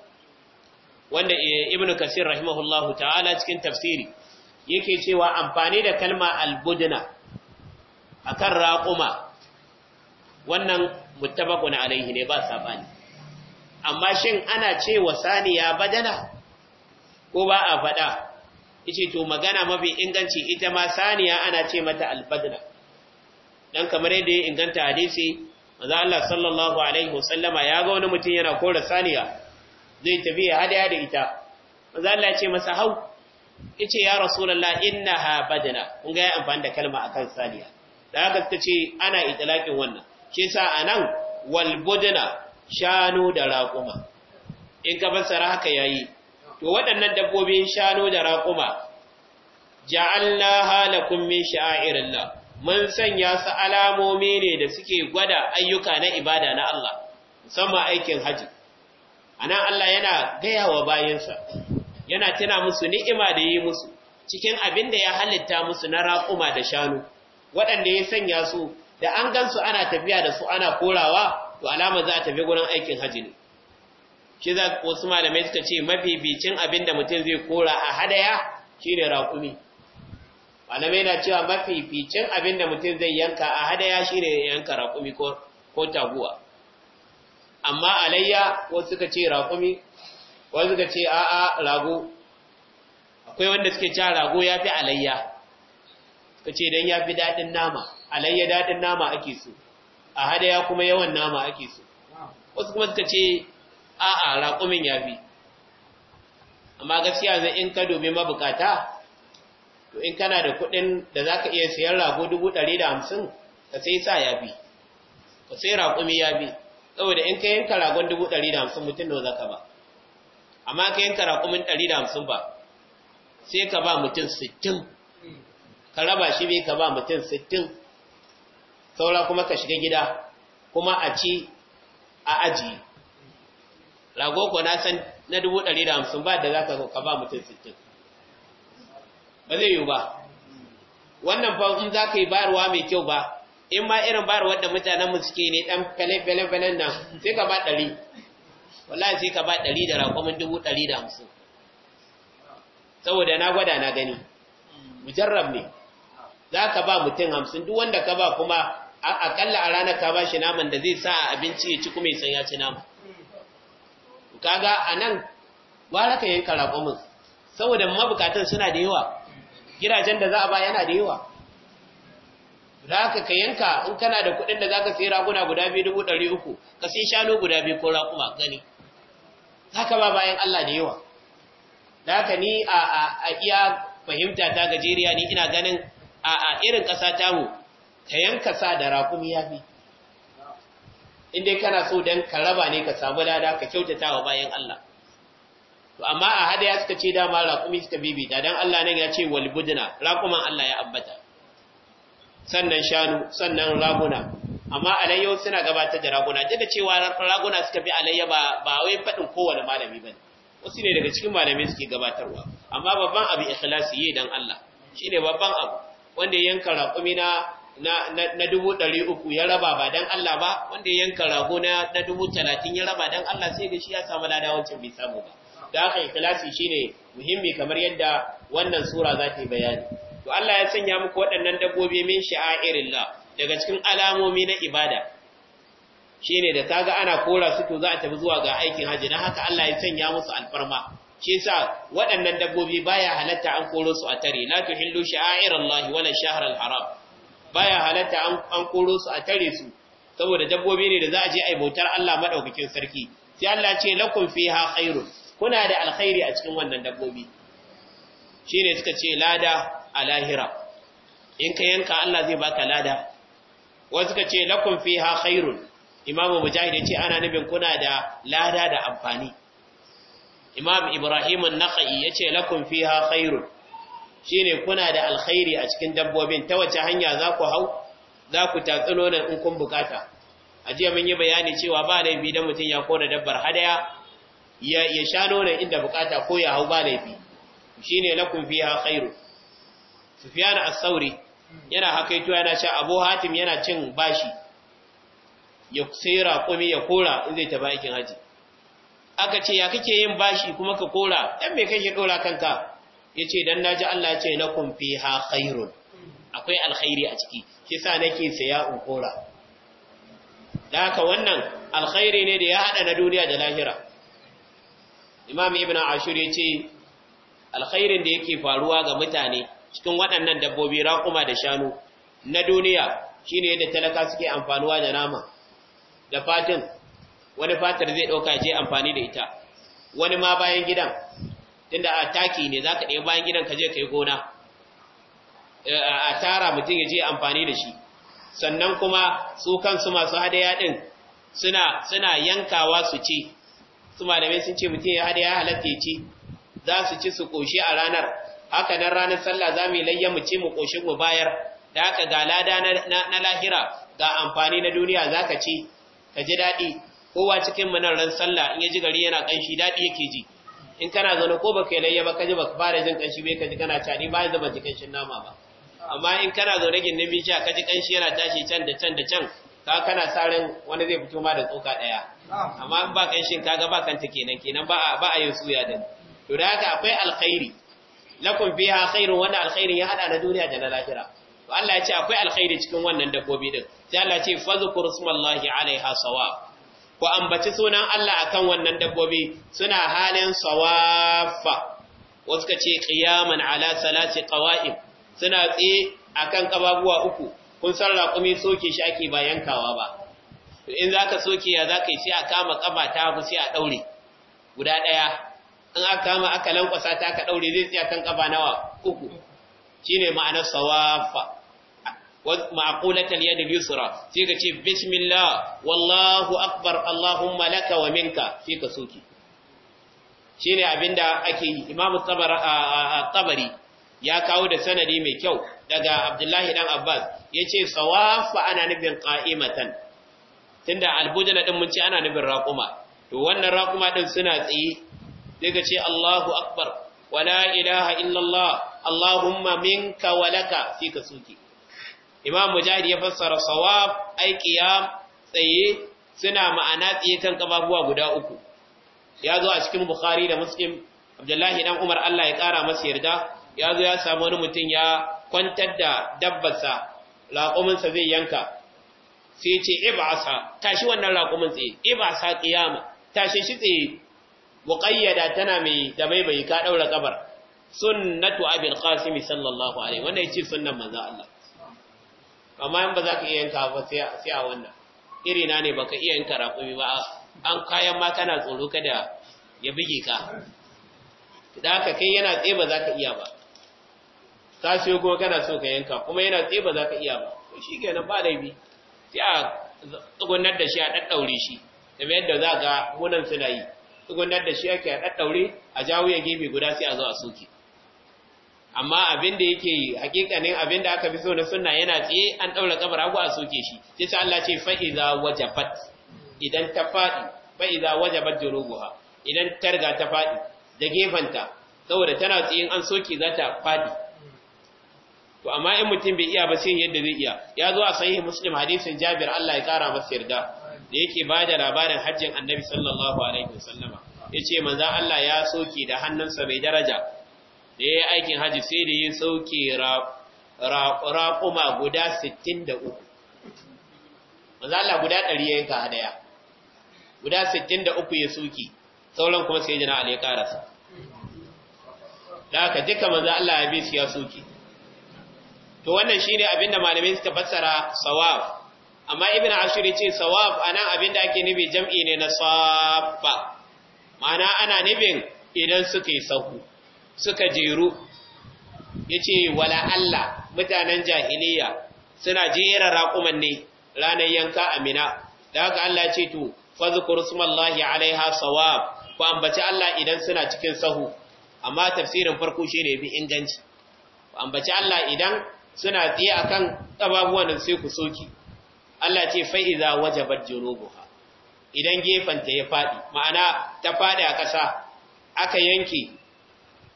wanda ibn kasir rahimahullahu ta'ala cikin tafsiri yake cewa amfani da kalma albudna akan raƙuma wannan muttabaqun alaihi ne ba sabani amma shin ana cewa saniya badana ko ba a faɗa yace to magana mafi inganci ita ma saniya ana ce mata albadna dan kamar yadda ya inganta hadisi maza Allah sallallahu alaihi wasallama ya ga wani mutum yana kora saniya zai tafi ya hada ya da ita manzo Allah ce masa hau Ice ya ina ha badana kun ga ya amfani da kalma a kan saniya da haka suka ce ana itlaqin wannan sa a anan wal budana shanu da raƙuma? in ka fassara haka yi. to waɗannan dabbobin shanu da raƙuma ja'alna halakum min sha'irillah mun sanya su alamomi ne da suke gwada ayyuka na ibada na Allah musamman aikin haji anan Allah yana gaya wa bayansa yana tuna musu ni'ima da yi musu cikin abin da ya halitta musu na raƙuma da shanu waɗanda ya sanya su da an gansu ana tafiya da su ana korawa to alama za a tafi gurin aikin haji ne shi za wasu malamai suka ce mafi bicin abin da mutum zai kora a hadaya shine raƙumi malamai na cewa mafificin abin da mutum zai yanka a ya shi ne yanka raƙumi ko taguwa amma alayya wasu suka ce raƙumi wasu suka ce a'a rago akwai wanda suke cewa rago ya fi alayya suka ce don ya fi daɗin nama alayya daɗin nama ake so a ya kuma yawan nama ake so wasu kuma suka ce a'a raƙumin ya fi amma gaskiya zai in ka domin mabukata to in kana da kuɗin da za ka iya siyan rago dubu ɗari da hamsin ka sai sa ya bi ka sai raƙumi ya bi saboda in ka yanka ragon dubu ɗari da hamsin mutum da zaka ba amma ka yanka raƙumin ɗari da hamsin ba sai ka ba mutum sittin ka raba shi bai ka ba mutum sittin saura kuma ka shiga gida kuma a ci a aji rago ko na san na dubu ɗari da hamsin ba da za ka ba mutum sittin ba zai yiwu ba wannan fa in za ka yi bayarwa mai kyau ba in ma irin bayarwar da mutanen mu suke ne dan fale-fale-falen nan sai ka ba ɗari wallahi sai ka ba ɗari da raƙwamin dubu ɗari da hamsin saboda na gwada na gani mujarrab ne za ka ba mutum hamsin duk wanda ka ba kuma akalla a ranar ka ba shi naman da zai sa abinci ya ci kuma ya san ci nama kaga a nan gwara ka yanka raƙwamin saboda mabukatan suna da yawa gidajen da za a ba yana da yawa da haka ka yanka in kana da kuɗin da za ka sayi raguna guda biyu dubu ɗari uku ka sai shanu guda biyu ko raƙuma gani za ka ba bayan Allah da yawa da haka ni a iya fahimta ta gajeriya ni ina ganin a irin ƙasa tamu ka yanka sa da raƙumi ya fi in dai kana so don ka raba ne ka samu lada ka kyautata wa bayan Allah to amma a ya suka ce dama raƙumi suka bibita dan Allah nan ya ce wal budna raƙuman Allah ya abbata sannan shanu sannan raguna amma alayyo suna gabatar da raguna duk da cewa raguna suka bi alayya ba ba wai fadin kowane malami bane wasu ne daga cikin malamai suke gabatarwa amma babban abu ikhlasi yi dan Allah shine babban abu wanda yanka raƙumi na na dubu ɗari uku ya raba ba dan Allah ba wanda yanka rago na dubu talatin ya raba dan Allah sai da shi ya samu ladawancin bai samu ba da kilasi shi ne muhimmi kamar yadda wannan sura za ta yi bayani to Allah ya sanya muku waɗannan dabbobi min la, daga cikin alamomi na ibada Shi ne da ta ga ana kora su to za a tafi zuwa ga aikin haji na haka Allah ya sanya musu alfarma shi sa waɗannan dabbobi baya halatta an koro su a tare la tuhillu sha'airallahi wala shahral haram baya halatta an koro su a tare su saboda dabbobi ne da za a je a bautar Allah maɗaukakin sarki sai Allah ce lakun ha khairun kuna da alkhairi a cikin wannan dabbobi shine suka ce lada a lahira in ka yanka Allah zai baka lada wasu suka ce lakum fiha khairun imamu mujahid ce ana nubin kuna da lada da amfani imam ibrahim an-naqi yace lakum fiha khairun shine kuna da alkhairi a cikin dabbobin ta wace hanya za ku hau za ku tatsuno ne in kun bukata a jiya mun yi bayani cewa ba laifi dan mutum ya kora dabbar hadaya ya sha nona inda bukata ko ya hau ba laifi shi ne lakun ha khairu sufiyan as-sauri yana hakaito yana sha abu hatim yana cin bashi ya tsira raƙumi ya kora in zai tafi aikin haji aka ce ya kake yin bashi kuma ka kora dan me kake dora kanka yace dan naji Allah ya ce fi ha khairun akwai alkhairi a ciki kisa nake saya in kora da haka wannan alkhairi ne da ya hada na duniya da lahira imam ibn ashur ya ce alkhairin da yake faruwa ga mutane cikin waɗannan dabbobi raƙuma da shanu na duniya shine yadda talaka suke amfanuwa da nama da fatin wani fatar zai ɗauka je amfani da ita wani ma bayan gidan tunda a taki ne za ka ɗaya bayan gidan ka je ka yi gona a tara mutum ya je amfani da shi sannan kuma su kansu masu hadaya ɗin suna yankawa su ci su malamai sun ce mutum ya hada ya halatta ya ci za su ci su koshi a ranar haka nan ranar sallah za mu layya mu ci mu koshi mu bayar da haka ga lada na lahira ga amfani na duniya za ka ci ka ji daɗi kowa cikin mu nan ran sallah in ya ji gari yana ƙanshi daɗi yake ji in kana zaune ko baka yi layya ba ka ji baka fara jin ƙanshi bai ka ji kana cani ba zaba ji ƙanshin nama ba amma in kana zaune gindin bishiya ka ji ƙanshi yana tashi can da can da can ka kana sa ran wani zai fito ma da tsoka ɗaya amma in ba shin kaga ba kanta kenan kenan ba ba a yin suya da to da haka akwai alkhairi lakum fiha khairun wannan alkhairin ya hada na duniya da na lahira to Allah ya ce akwai alkhairi cikin wannan dabbobi din sai Allah ya ce fadhkur smallahi alaiha sawa ku ambaci sunan Allah akan wannan dabbobi suna halin sawafa wasu ka ce qiyaman ala salati qawa'im suna tsaye akan kababuwa uku kun san raƙumi soke shi ake ba yankawa ba in za ka soke ya za ka yi sai a kama kafa ta hagu sai a ɗaure guda ɗaya in aka kama aka lankwasa ta ka ɗaure zai tsaya kan kafa nawa uku shine ma'anar sawafa ma'aqulatal yadil yusra sai ka ce bismillah wallahu akbar allahumma laka wa minka sai ka soke shine abinda ake yi imamu tabari ya kawo da sanadi mai kyau daga abdullahi dan abbas yace sawafa ana nufin qa'imatan tunda albujana din mun ce ana nufin raquma to wannan raquma din suna tsaye sai ce Allahu akbar wala ilaha illallah Allahumma minka walaka fi ka suke Imam Mujahid ya fassara sawab ai qiyam tsaye suna ma'ana tsaye kan kafafuwa guda uku ya zo a cikin Bukhari da Muslim Abdullahi dan Umar Allah ya kara masa yarda ya zo ya samu wani mutum ya kwantar da dabbarsa raƙuminsa zai yanka sai ce ibasa tashi wannan raƙumin tsaye ibasa qiyama tashi shi tsaye muqayyada tana mai da mai bai ka daura kabar sunnatu abil qasim sallallahu alaihi wannan yace sunnan manzo Allah amma in ba za ka iya yanka ba sai sai a wannan irina ne baka iya yanka raƙumi ba an kayan ma kana tsoro kada ya bige ka da haka kai yana tsaye ba za ka iya ba ka siyo kuma kana so ka yanka kuma yana tsaye ba za ka iya ba to shi kenan ba laifi sai a tsugunar da shi a ɗaɗɗaure shi da kamar yadda za ga munan suna yi tsugunar da shi ake a ɗaɗɗaure a jawo ya gefe guda sai a zo a soke amma abin da yake yi hakikanin abin da aka fi so na suna yana tsaye an ɗaura kamar hagu a soke shi sai sa Allah ce fa'iza wajabat idan ta faɗi fa'iza wajabat juruguha idan ta riga ta faɗi da gefanta saboda tana tsaye an soke za ta faɗi to amma in mutum bai iya ba sai yadda zai iya ya zo a sahihi muslim hadisin jabir Allah ya kara masa yarda da yake ba da labarin hajjin annabi sallallahu alaihi wasallama yace manzo Allah ya soke da hannunsa mai daraja da yayi aikin haji sai da yin soke raƙuma guda 63 manzo Allah guda 100 ya yanka hadaya guda 63 ya soke sauran kuma sai jana Ali ya karasa da haka duka manzo Allah ya bi su ya soke to wannan shine abinda malamai suka fassara sawab amma ibn ashur yace sawab anan da ake nufi jam'i ne na safa ma'ana ana nufin idan suka yi sahu suka jeru yace wala Allah mutanen jahiliya suna jera raquman ne ranar yanka amina da haka Allah ce to fadhkur smallahi alaiha sawab ku ambaci Allah idan suna cikin sahu amma tafsirin farko shine bi inganci ku ambaci Allah idan suna tsaye kan ƙababuwan da sai ku soki Allah ce waje bar wajabat jurubuha idan gefanta ya faɗi, ma'ana ta faɗi a ƙasa aka yanke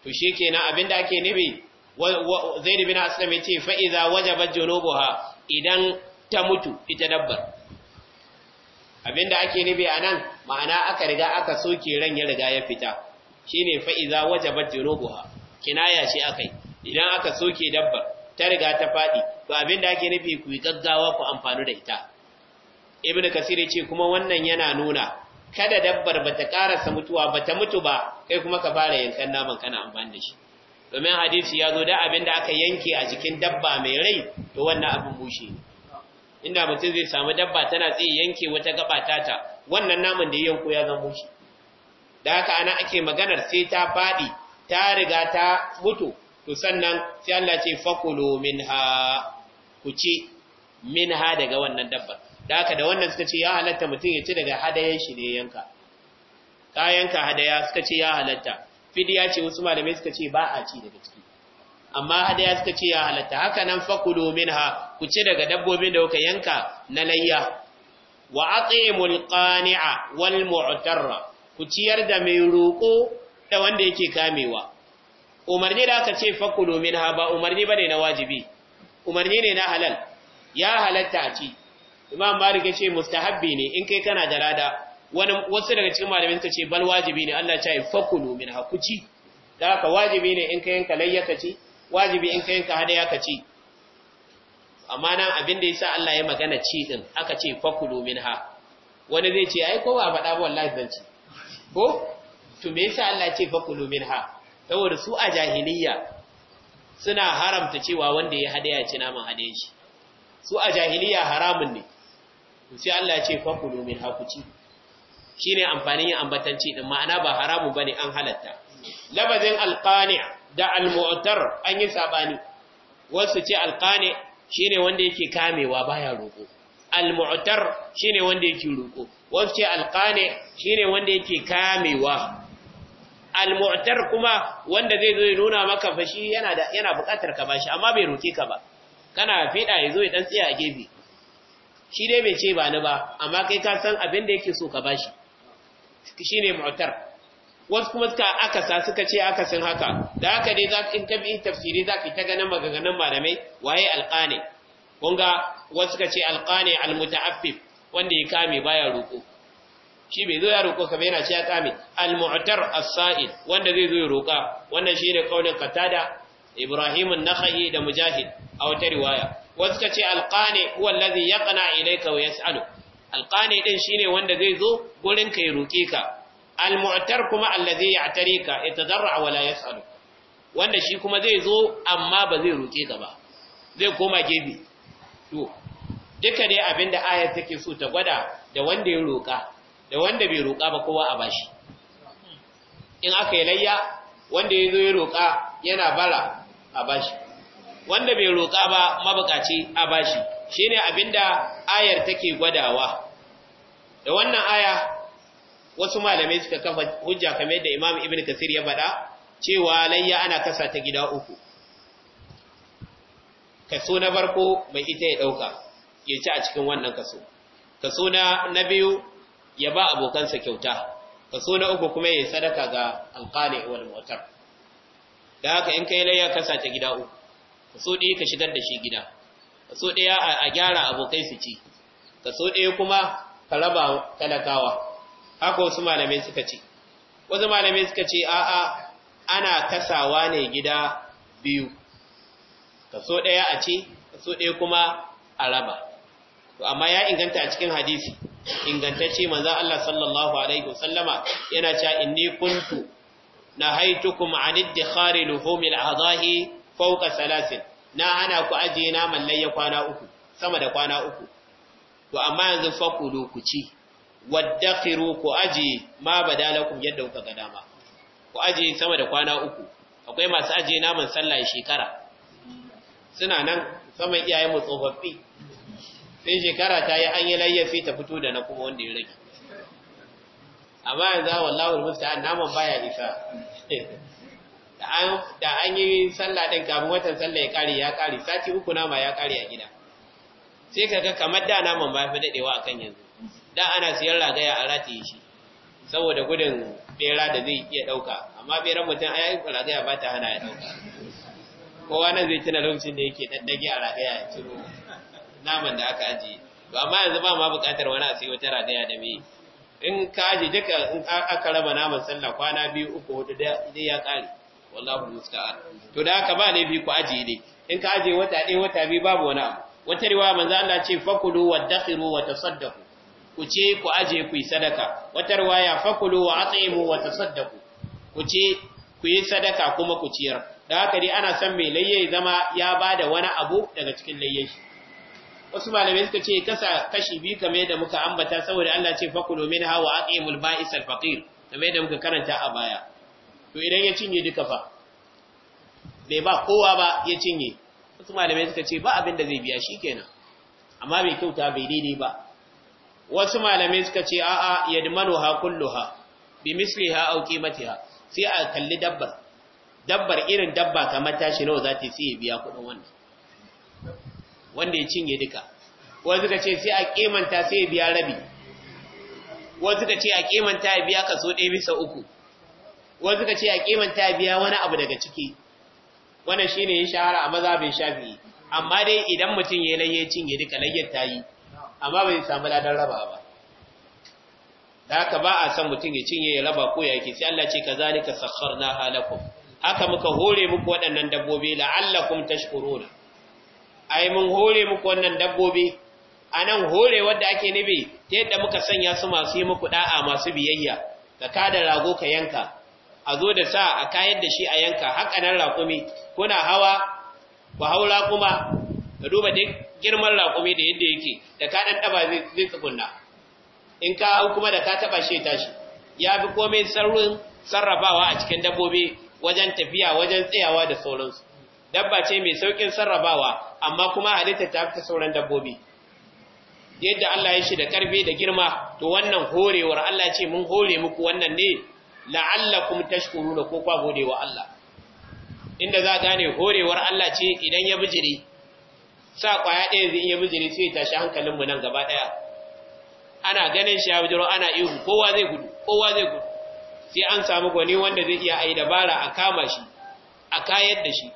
to shi abin abinda ake zai da bin ce yace waje bar wajabat junubuha idan ta mutu ita dabbar abinda ake a nan ma'ana aka riga aka soke ran ya riga ya fita shine waje bar wajabat junubuha kinaya shi akai idan aka soke dabbar ta riga ta faɗi to abin da ake nufi ku yi gaggawa ku amfani da ita ibn kasiri ce kuma wannan yana nuna kada dabbar bata karasa mutuwa ta mutu ba kai kuma ka fara yankan naman kana amfani da shi domin hadisi ya zo da abin da aka yanke a jikin dabba mai rai to wannan abin bushe ne inda mutum zai samu dabba tana tsaye yanke wata gaba ta, wannan naman da ya yanko ya zama bushe. da haka ana ake maganar sai ta faɗi ta riga ta mutu to sannan sai Allah ce fakulu minha ku ci minha daga wannan dabbar da haka da wannan suka ce ya halatta mutum ya ci daga hadayen shi ne yanka kayanka hadaya suka ce ya halatta fidiya ce wasu malamai suka ce ba a ci daga ciki amma hadaya suka ce ya halatta haka nan fakulu minha ku ci daga dabbobin da kuka yanka na layya wa aqimul qani'a wal mu'tarra ku ciyar da mai roko da wanda yake kamewa umarni da aka ce fakulu ha ba umarni bane na wajibi umarni ne na halal ya halatta a ci imam malik ya ce mustahabbi ne in kai kana da rada. wani wasu daga cikin malamin ta ce bal wajibi ne Allah ya ce fakulu min ku ci da haka wajibi ne in kai yanka layya ka ci wajibi in kai yanka hadaya ka ci amma nan abin da yasa Allah ya magana ci din aka ce fakulu ha. wani zai ce ai ko ba faɗa ba wallahi zan ci ko to me yasa Allah ya ce fakulu ha? saboda su a jahiliya suna haramta cewa wanda ya hadaya ci naman hadayen shi su a jahiliya haramun ne sai Allah ya ce fakulu min hakuci shine amfanin yin ambatanci din ma'ana ba haramu bane an halatta labazin alqani da almu'tar an yi sabani wasu ce alqani shine wanda yake kamewa baya roko almu'tar shine wanda yake roko wasu ce alqani shine wanda yake kamewa al-mu'tar kuma wanda zai zo ya nuna maka fashi yana da yana bukatar ka bashi amma bai roke ka ba kana fida ya zo ya dan tsaya a gefe shi dai bai ce ba ni ba amma kai ka san abin da yake so ka bashi shine mu'tar wasu kuma suka sa suka ce akasin haka da haka dai za in tabi tafsiri za ki ta ganin maganganun malamai waye alqani kun ga wasu suka ce alqani almuta'affif wanda ya kame baya roko shi bai zo ya roƙo ka bai shi ya tsami al-mu'tar as-sa'il wanda zai zo ya roƙa wannan shine kaulin qatada ibrahim an-nakhai da mujahid a wata riwaya wasu kace al-qani huwa alladhi yaqna ilayka wa yas'alu al-qani din shine wanda zai zo gurin ka ya roƙe ka al-mu'tar kuma alladhi ya'tarika yatadarra wa la yas'alu wanda shi kuma zai zo amma ba zai roƙe ka ba zai koma gefe to duka dai abinda ayat take so ta gwada da wanda ya roƙa da wanda bai roƙa ba kowa a bashi in aka yi layya wanda ya zo ya roƙa yana bara a bashi wanda bai roƙa ba mabukaci a bashi shi ne abinda ayar take gwadawa da wannan aya wasu malamai suka kafa hujja kamar da Imam Ibn kasir ya faɗa cewa layya ana kasa ta gida uku kaso na farko mai ita ya ɗauka, ya ci a cikin wannan kaso kaso na biyu ya ba abokansa kyauta kaso na uku kuma ya sadaka ga alqani wal mutar da haka in kai layya ka sace gida uku kaso ɗaya ka shigar da shi gida kaso ɗaya a gyara abokai su ci kaso ɗaya kuma ka raba talakawa haka wasu malamai suka ce wasu malamai suka ce a'a ana kasawa ne gida biyu kaso ɗaya a ce kaso ɗaya kuma a raba to amma ya inganta a cikin hadisi ingantacce manzon Allah sallallahu alaihi wasallama yana cewa inni kuntu na nahaitukum anid dikhari luhumil adahi fawqa salasin na hana ku aje naman layya kwana uku sama da kwana uku to amma yanzu fakulu ku ci waddakhiru ku aje ma badalakum yadda kuka ga dama ku aje sama da kwana uku akwai masu aje naman sallah shekara suna nan saman iyayen mu tsofaffi sai shekara ta yi an yi layyafi ta fito da na kuma wanda ya rage amma yanzu wallahu an naman baya isa da an yi sallah ɗin, kafin watan sallah ya ƙari ya ƙari sati uku nama ya ƙari a gida sai kaga kamar da naman ba fi a akan yanzu da ana siyar ragaya a rataye shi saboda gudun bera da zai iya ɗauka, amma beran mutum yayin ragaya ba ta hana ya ɗauka. kowa nan zai tuna lokacin da yake daddage a ragaya ya ciro naman da aka ajiye to amma yanzu ba ma buƙatar wani a sai wata ragaya da me in ka aje duka in aka raba naman sallah kwana biyu uku hudu dai ya kare wallahi musta'an to da aka ba ne bi ku ajiye ne in ka ajiye wata ɗaya wata biyu babu wani abu wata riwaya manzo Allah ce fakulu dakhiru wa tasaddaqu ku ce ku aje ku yi sadaka wata riwaya fakulu wa at'imu wa tasaddaqu ku ce ku yi sadaka kuma ku ciyar da haka dai ana san mai layyai zama ya bada wani abu daga cikin layyai shi wasu malamai suka ce kasa kashi biyu kamar da muka ambata saboda Allah ce fakulu minha wa aqimul ba'is al-faqir kamar da muka karanta a baya to idan ya cinye duka fa bai ba kowa ba ya cinye wasu malamai suka ce ba abin da zai biya kenan, amma bai kyauta bai daidai ba wasu malamai suka ce a'a ha kulluha bi misliha aw qimatiha sai a kalli dabbar dabbar irin dabba kamar tashi nawa za ta sai biya kudin wannan wanda ya cinye duka wasu suka ce sai a kimanta sai ya biya rabi wasu suka ce a kimanta ya biya kaso ɗaya bisa uku wasu suka ce a kimanta ya biya wani abu daga ciki wannan shine ya shahara a mazhabin shafi amma dai idan mutum ya laye cinye duka layyar ta yi amma bai samu ladan raba ba da haka ba a san mutum ya cinye ya raba ko yake sai Allah ce kazalika sakharna halakum haka muka hore muku waɗannan dabbobi la'allakum tashkuruna yi mun hore muku wannan dabbobi anan hore wanda ake nabi ta yadda muka sanya su masu yi muku da'a masu biyayya ka ka da rago ka yanka a zo da sa a kayan da shi a yanka haka nan raƙumi kuna hawa ku haula kuma ka duba duk girman raƙumi da yadda yake da ka dan zai tsugunna in ka hau kuma da ka taba shi tashi ya fi komai sarrun sarrafawa a cikin dabbobi wajen tafiya wajen tsayawa da sauransu dabba ce mai saukin sarrabawa, amma kuma halitta ta fi sauran dabbobi yadda Allah ya shi da karfi da girma to wannan horewar Allah ce mun hore muku wannan ne la'allakum tashkuruna ko kwa gode Allah inda za gane horewar Allah ce idan ya bijire sa kwaya ɗaya zai iya bijire sai tashi hankalinmu nan gaba ɗaya ana ganin shi ya bijiro ana ihu kowa zai gudu kowa zai gudu sai an samu gwani wanda zai iya ayi dabara a kama shi a kayar da shi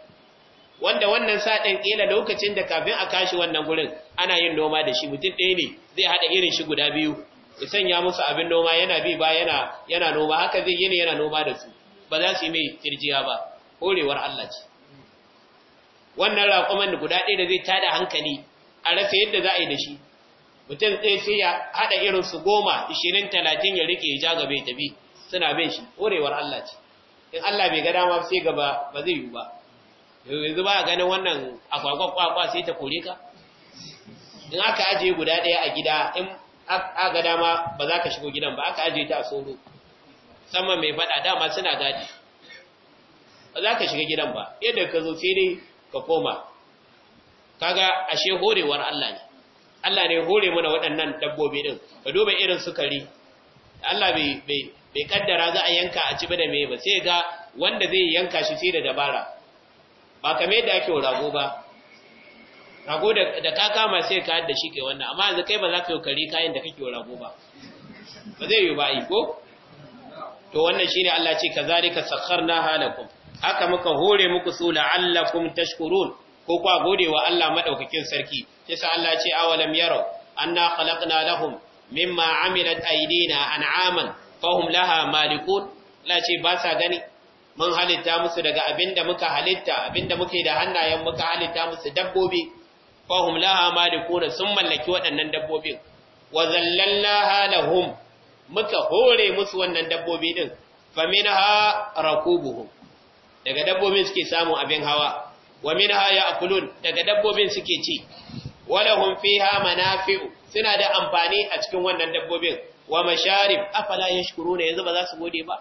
wanda wannan saɗin ƙila lokacin da kafin a kashi wannan gurin ana yin noma da shi mutum ɗaya ne zai haɗa irin shi guda biyu ya sanya musu abin noma yana bi ba yana noma haka zai yi yana noma da su ba za su yi mai kirjiya ba horewar Allah ce wannan raƙuman guda ɗaya da zai tada hankali a rasa yadda za a yi da shi mutum ɗaya sai ya haɗa irin su goma ishirin talatin ya rike ya ja gaba ya tafi suna bin shi horewar Allah ce in Allah bai ga dama sai gaba ba zai yi ba yanzu ba ganin wannan akwakwakwakwa kwakwa sai ta kore ka in aka ajiye guda ɗaya a gida in aka dama ba za ka shigo gidan ba aka ajiye ta a tsoro sama mai faɗa dama suna gadi ba za ka shiga gidan ba yadda ka zo sai ka koma kaga ashe horewar Allah ne Allah ne hore mana waɗannan dabbobi din ka duba irin sukari Allah bai bai kaddara za a yanka a ci ba da me ba sai ga wanda zai yanka shi sai da dabara ba kamar yadda ake rago ba rago da ka kama sai ka da shi ke wannan amma yanzu kai ba za ka yi kare kayan da kake rago ba ba zai yi ba yi ko to wannan shine Allah ce kazalika na halakum haka muka hore muku su la'allakum tashkurun ko kwa gode wa Allah madaukakin sarki sai Allah ce awalam yaro anna khalaqna lahum mimma amilat aydina an'aman fahum laha malikun la ce ba sa gani mun halitta musu daga abinda muka halitta abinda muke da hannayen muka halitta musu dabbobi hum laha malikuna sun mallaki waɗannan dabbobin wa zallallaha lahum muka hore musu wannan dabbobi din minha rakubuhum daga dabbobin suke samun abin hawa wa minha ya'kulun daga dabbobin suke ci walahum fiha manafi'u suna da amfani a cikin wannan dabbobin wa masharib afala yashkuruna yanzu ba za su gode ba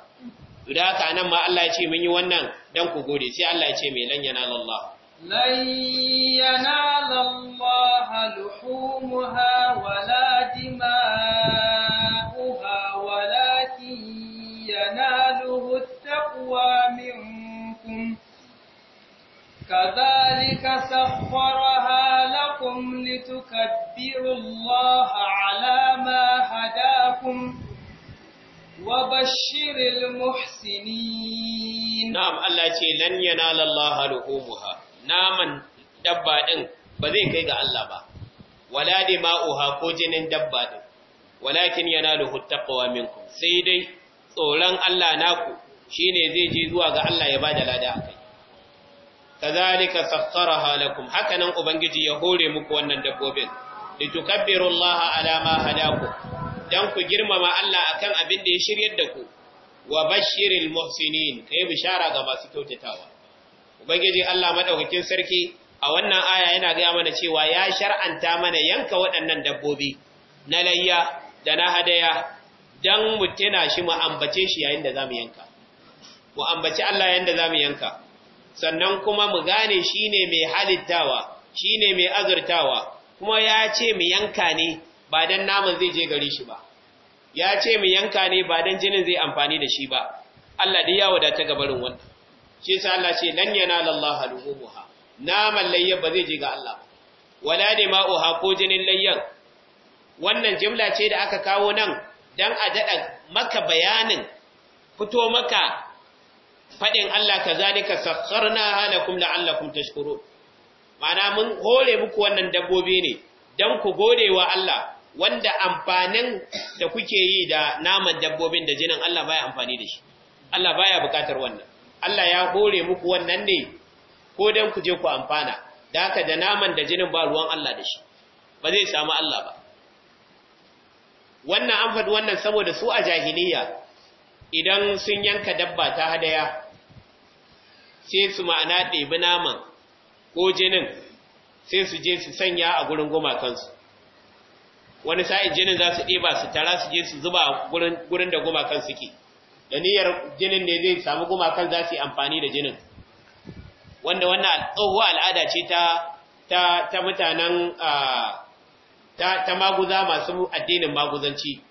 da haka nan ma Allah ya ce mun yi wannan dan ku gode sai Allah ya ce mai lan yanala Allah lan yanala Allah luhumha wala dima'uha walakin yanaluhu taqwa minkum كذلك سخرها لكم لتكبروا الله على ما هداكم وبشر المحسنين Na'am الله ce lan yanala Allah luhumuha naman dabba din ba zai kai ga Allah ba wala dima'uha ko jinin dabba din walakin yanaluhu taqwa minkum sai dai tsoron Allah naku shine zai je zuwa ga Allah ya bada lada ka kazalika sakhkharaha Haka nan ubangiji ya hore muku wannan dabbobin litukabbiru Allah ala ma hadakum don ku girmama Allah a kan abin da ya shirya da ku wa bashiril muhsinin yi bishara ga masu kyautatawa ubangiji Allah maɗaukakin sarki a wannan aya yana gaya mana cewa ya shar'anta mana yanka waɗannan dabbobi na layya da na hadaya don mu tuna shi mu ambace shi yayin da mu yanka mu ambaci Allah yayin da mu yanka sannan kuma mu gane shi ne mai halittawa shi ne mai azurtawa kuma ya ce mu yanka ne ba dan naman zai je gare shi ba ya ce mu yanka ne ba dan jinin zai amfani da shi ba Allah dai ya wadata ga barin wannan shi yasa Allah ce lan yana Allah luhumuha naman layyan ba zai je ga Allah wala ne dima'uha ko jinin layyan wannan jimla ce da aka kawo nan dan a dada maka bayanin fito maka faɗin Allah ka zalika sakharna halakum la'allakum tashkurun Mana mun hore muku wannan dabbobi ne dan ku gode wa Allah wanda amfanin da kuke yi da naman dabbobin da jinin Allah baya amfani da shi Allah baya bukatar wannan Allah ya hore muku wannan ne ko dan ku je ku amfana da haka da naman da jinin ba ruwan Allah da shi ba zai samu Allah ba wannan an faɗi wannan saboda su a jahiliya idan sun yanka dabba ta hadaya sai su ma'ana ɗebi naman ko jinin sai su je su sanya a gurin gumakansu wani sa'in jinin za su ɗiba su tara su je su zuba gurin da gumakan suke da niyyar jinin ne zai samu gumakan za su yi amfani da jinin wanda wannan tsohuwa al'ada ce ta mutanen ta maguza masu addinin maguzanci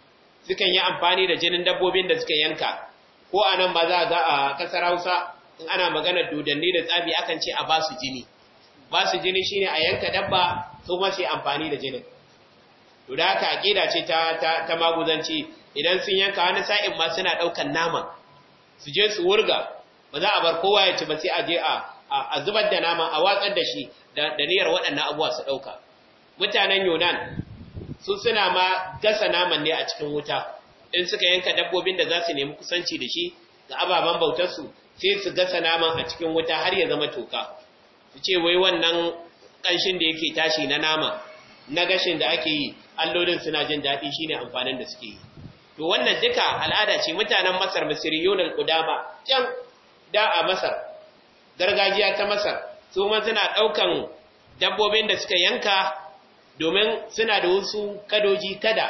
sukan yi amfani da jinin dabbobin da suka yanka ko a nan ba za a kasar hausa in ana maganar dodanni da tsabi akan ce a ba su jini ba su jini shine a yanka dabba su ma su yi amfani da jinin to da haka ce ta ta, maguzanci idan sun yanka wani sa'in ma suna ɗaukan naman su je su wurga ba za a bar kowa ya ci ba sai a je a a zubar da naman a watsar da shi da niyyar waɗannan abuwa su ɗauka. mutanen Yunan sun suna ma gasa naman ne a cikin wuta in suka yanka dabbobin da za su nemi kusanci da shi ga ababen bautarsu sai su gasa naman a cikin wuta har ya zama toka su ce wai wannan ƙanshin da yake tashi na naman na gashin da ake yi allolin suna jin daɗi shi ne amfanin da suke yi to wannan duka al'ada ce mutanen Masar misiri al-Qudama can da a Masar gargajiya ta Masar su ma suna ɗaukan dabbobin da suka yanka domin suna da wasu kadoji kada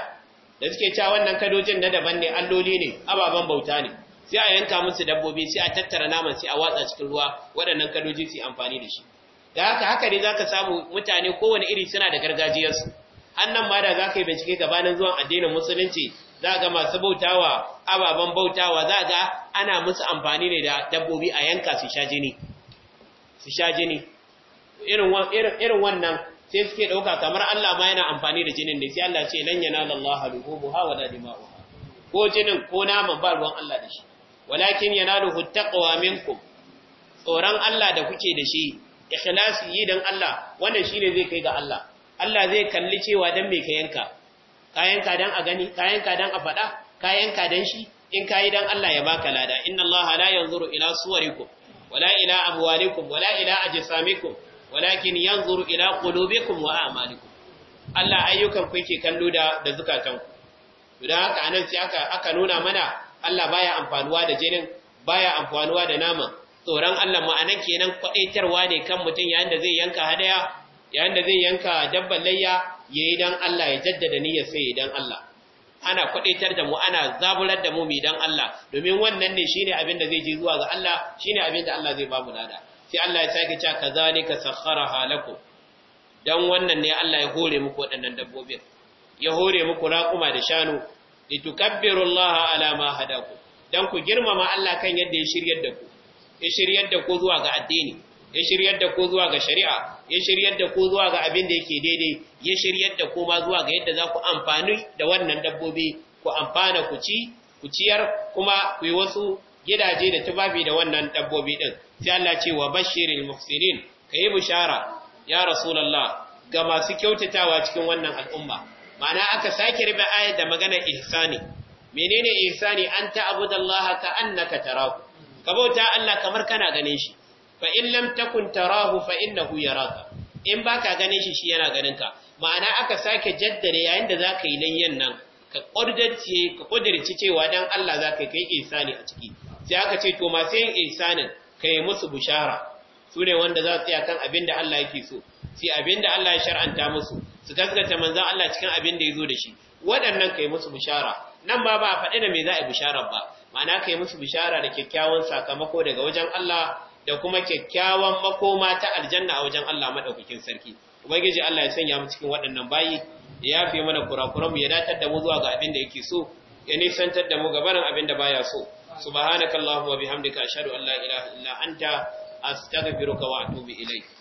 da suke cewa wannan kadojin na daban ne alloli ne ababen bauta ne sai a yanka musu dabbobi sai a tattara naman sai a watsa cikin ruwa waɗannan kadoji su amfani da shi da haka haka ne zaka samu mutane kowane iri suna da gargajiyarsu annan ma da zaka yi bincike gabanin zuwan addinin musulunci za ga masu bautawa ababen bautawa za ga ana musu amfani ne da dabbobi a yanka su sha jini su sha jini irin wannan sai suke ɗauka kamar Allah ma yana amfani da jinin ne sai Allah ce lan yanala Allah luhuha wala dima'uha ko jinin ko naman ba ruwan Allah da shi walakin yanaluhu taqwa minkum tsoron Allah da kuke da shi ikhlasi yi dan Allah wannan shi ne zai kai ga Allah Allah zai kalli cewa dan me ka yanka ka yanka dan a gani ka yanka dan a faɗa ka yanka dan shi in kayi dan Allah ya baka lada inna Allah la yanzuru ila suwarikum wala ila abwalikum wala ila ajsamikum walakin yanzuru ila qulubikum wa a'malikum Allah ayyukan ku yake kallo da da zukatanku dan haka anan sai aka aka nuna mana Allah baya amfanuwa da jinin baya amfanuwa da naman tsoron Allah ma'anan kenan kwadaitarwa ne kan mutum yayin da zai yanka hadaya yayin da zai yanka dabban layya yayi dan Allah ya jaddada niyyar sai dan Allah ana kwadaitar da mu ana zaburar da mu mi dan Allah domin wannan ne shine abin da zai je zuwa ga Allah shine abin da Allah zai ba mu nada. sai Allah ya sake cewa kazalika sakharaha lakum dan wannan ne Allah ya hore muku waɗannan dabbobi ya hore muku raquma da shanu litukabbiru Allah ala ma hadaku dan ku girmama Allah kan yadda ya shiryar da ku ya shiryar da ku zuwa ga addini ya shiryar da ku zuwa ga shari'a ya shiryar da ku zuwa ga abin da yake daidai ya shiryar da ku ma zuwa ga yadda za ku amfani da wannan dabbobi ku amfana ku ci ku ciyar kuma ku yi wasu gidaje da tubabi da wannan dabbobi din sai Allah ce wa bashirul muhsinin kai bishara ya rasulullah ga masu kyautatawa cikin wannan al'umma ma'ana aka sake riba ayat da maganar ihsani menene ihsani an abudallaha ka annaka tarahu ka bauta Allah kamar kana ganin shi fa in lam takun tarahu fa innahu yaraka in ba ka ganin shi shi yana ganin ka ma'ana aka sake jaddare yayin da zaka yi layyan nan ka koddace ka cewa dan Allah zaka kai insani a ciki sai aka ce to masu yin ka kai musu bushara sune wanda za su tsaya kan abin da Allah yake so sai abin da Allah ya shar'anta musu su gaskata manzon Allah cikin abin da ya zo da shi waɗannan kai musu bushara nan ba ba a faɗi da me za a yi bushara ba ma'ana kai musu bishara da kyakkyawan sakamako daga wajen Allah da kuma kyakkyawan makoma ta aljanna a wajen Allah madaukakin sarki ubangiji Allah ya sanya mu cikin waɗannan bayi ya fi mana kurakuran mu ya datar da mu zuwa ga abin da yake so ya nisantar da mu ga barin abin da baya so subhanakallahumma bihamdika ashhadu an la ilaha illa anta astaghfiruka wa atubu ilayk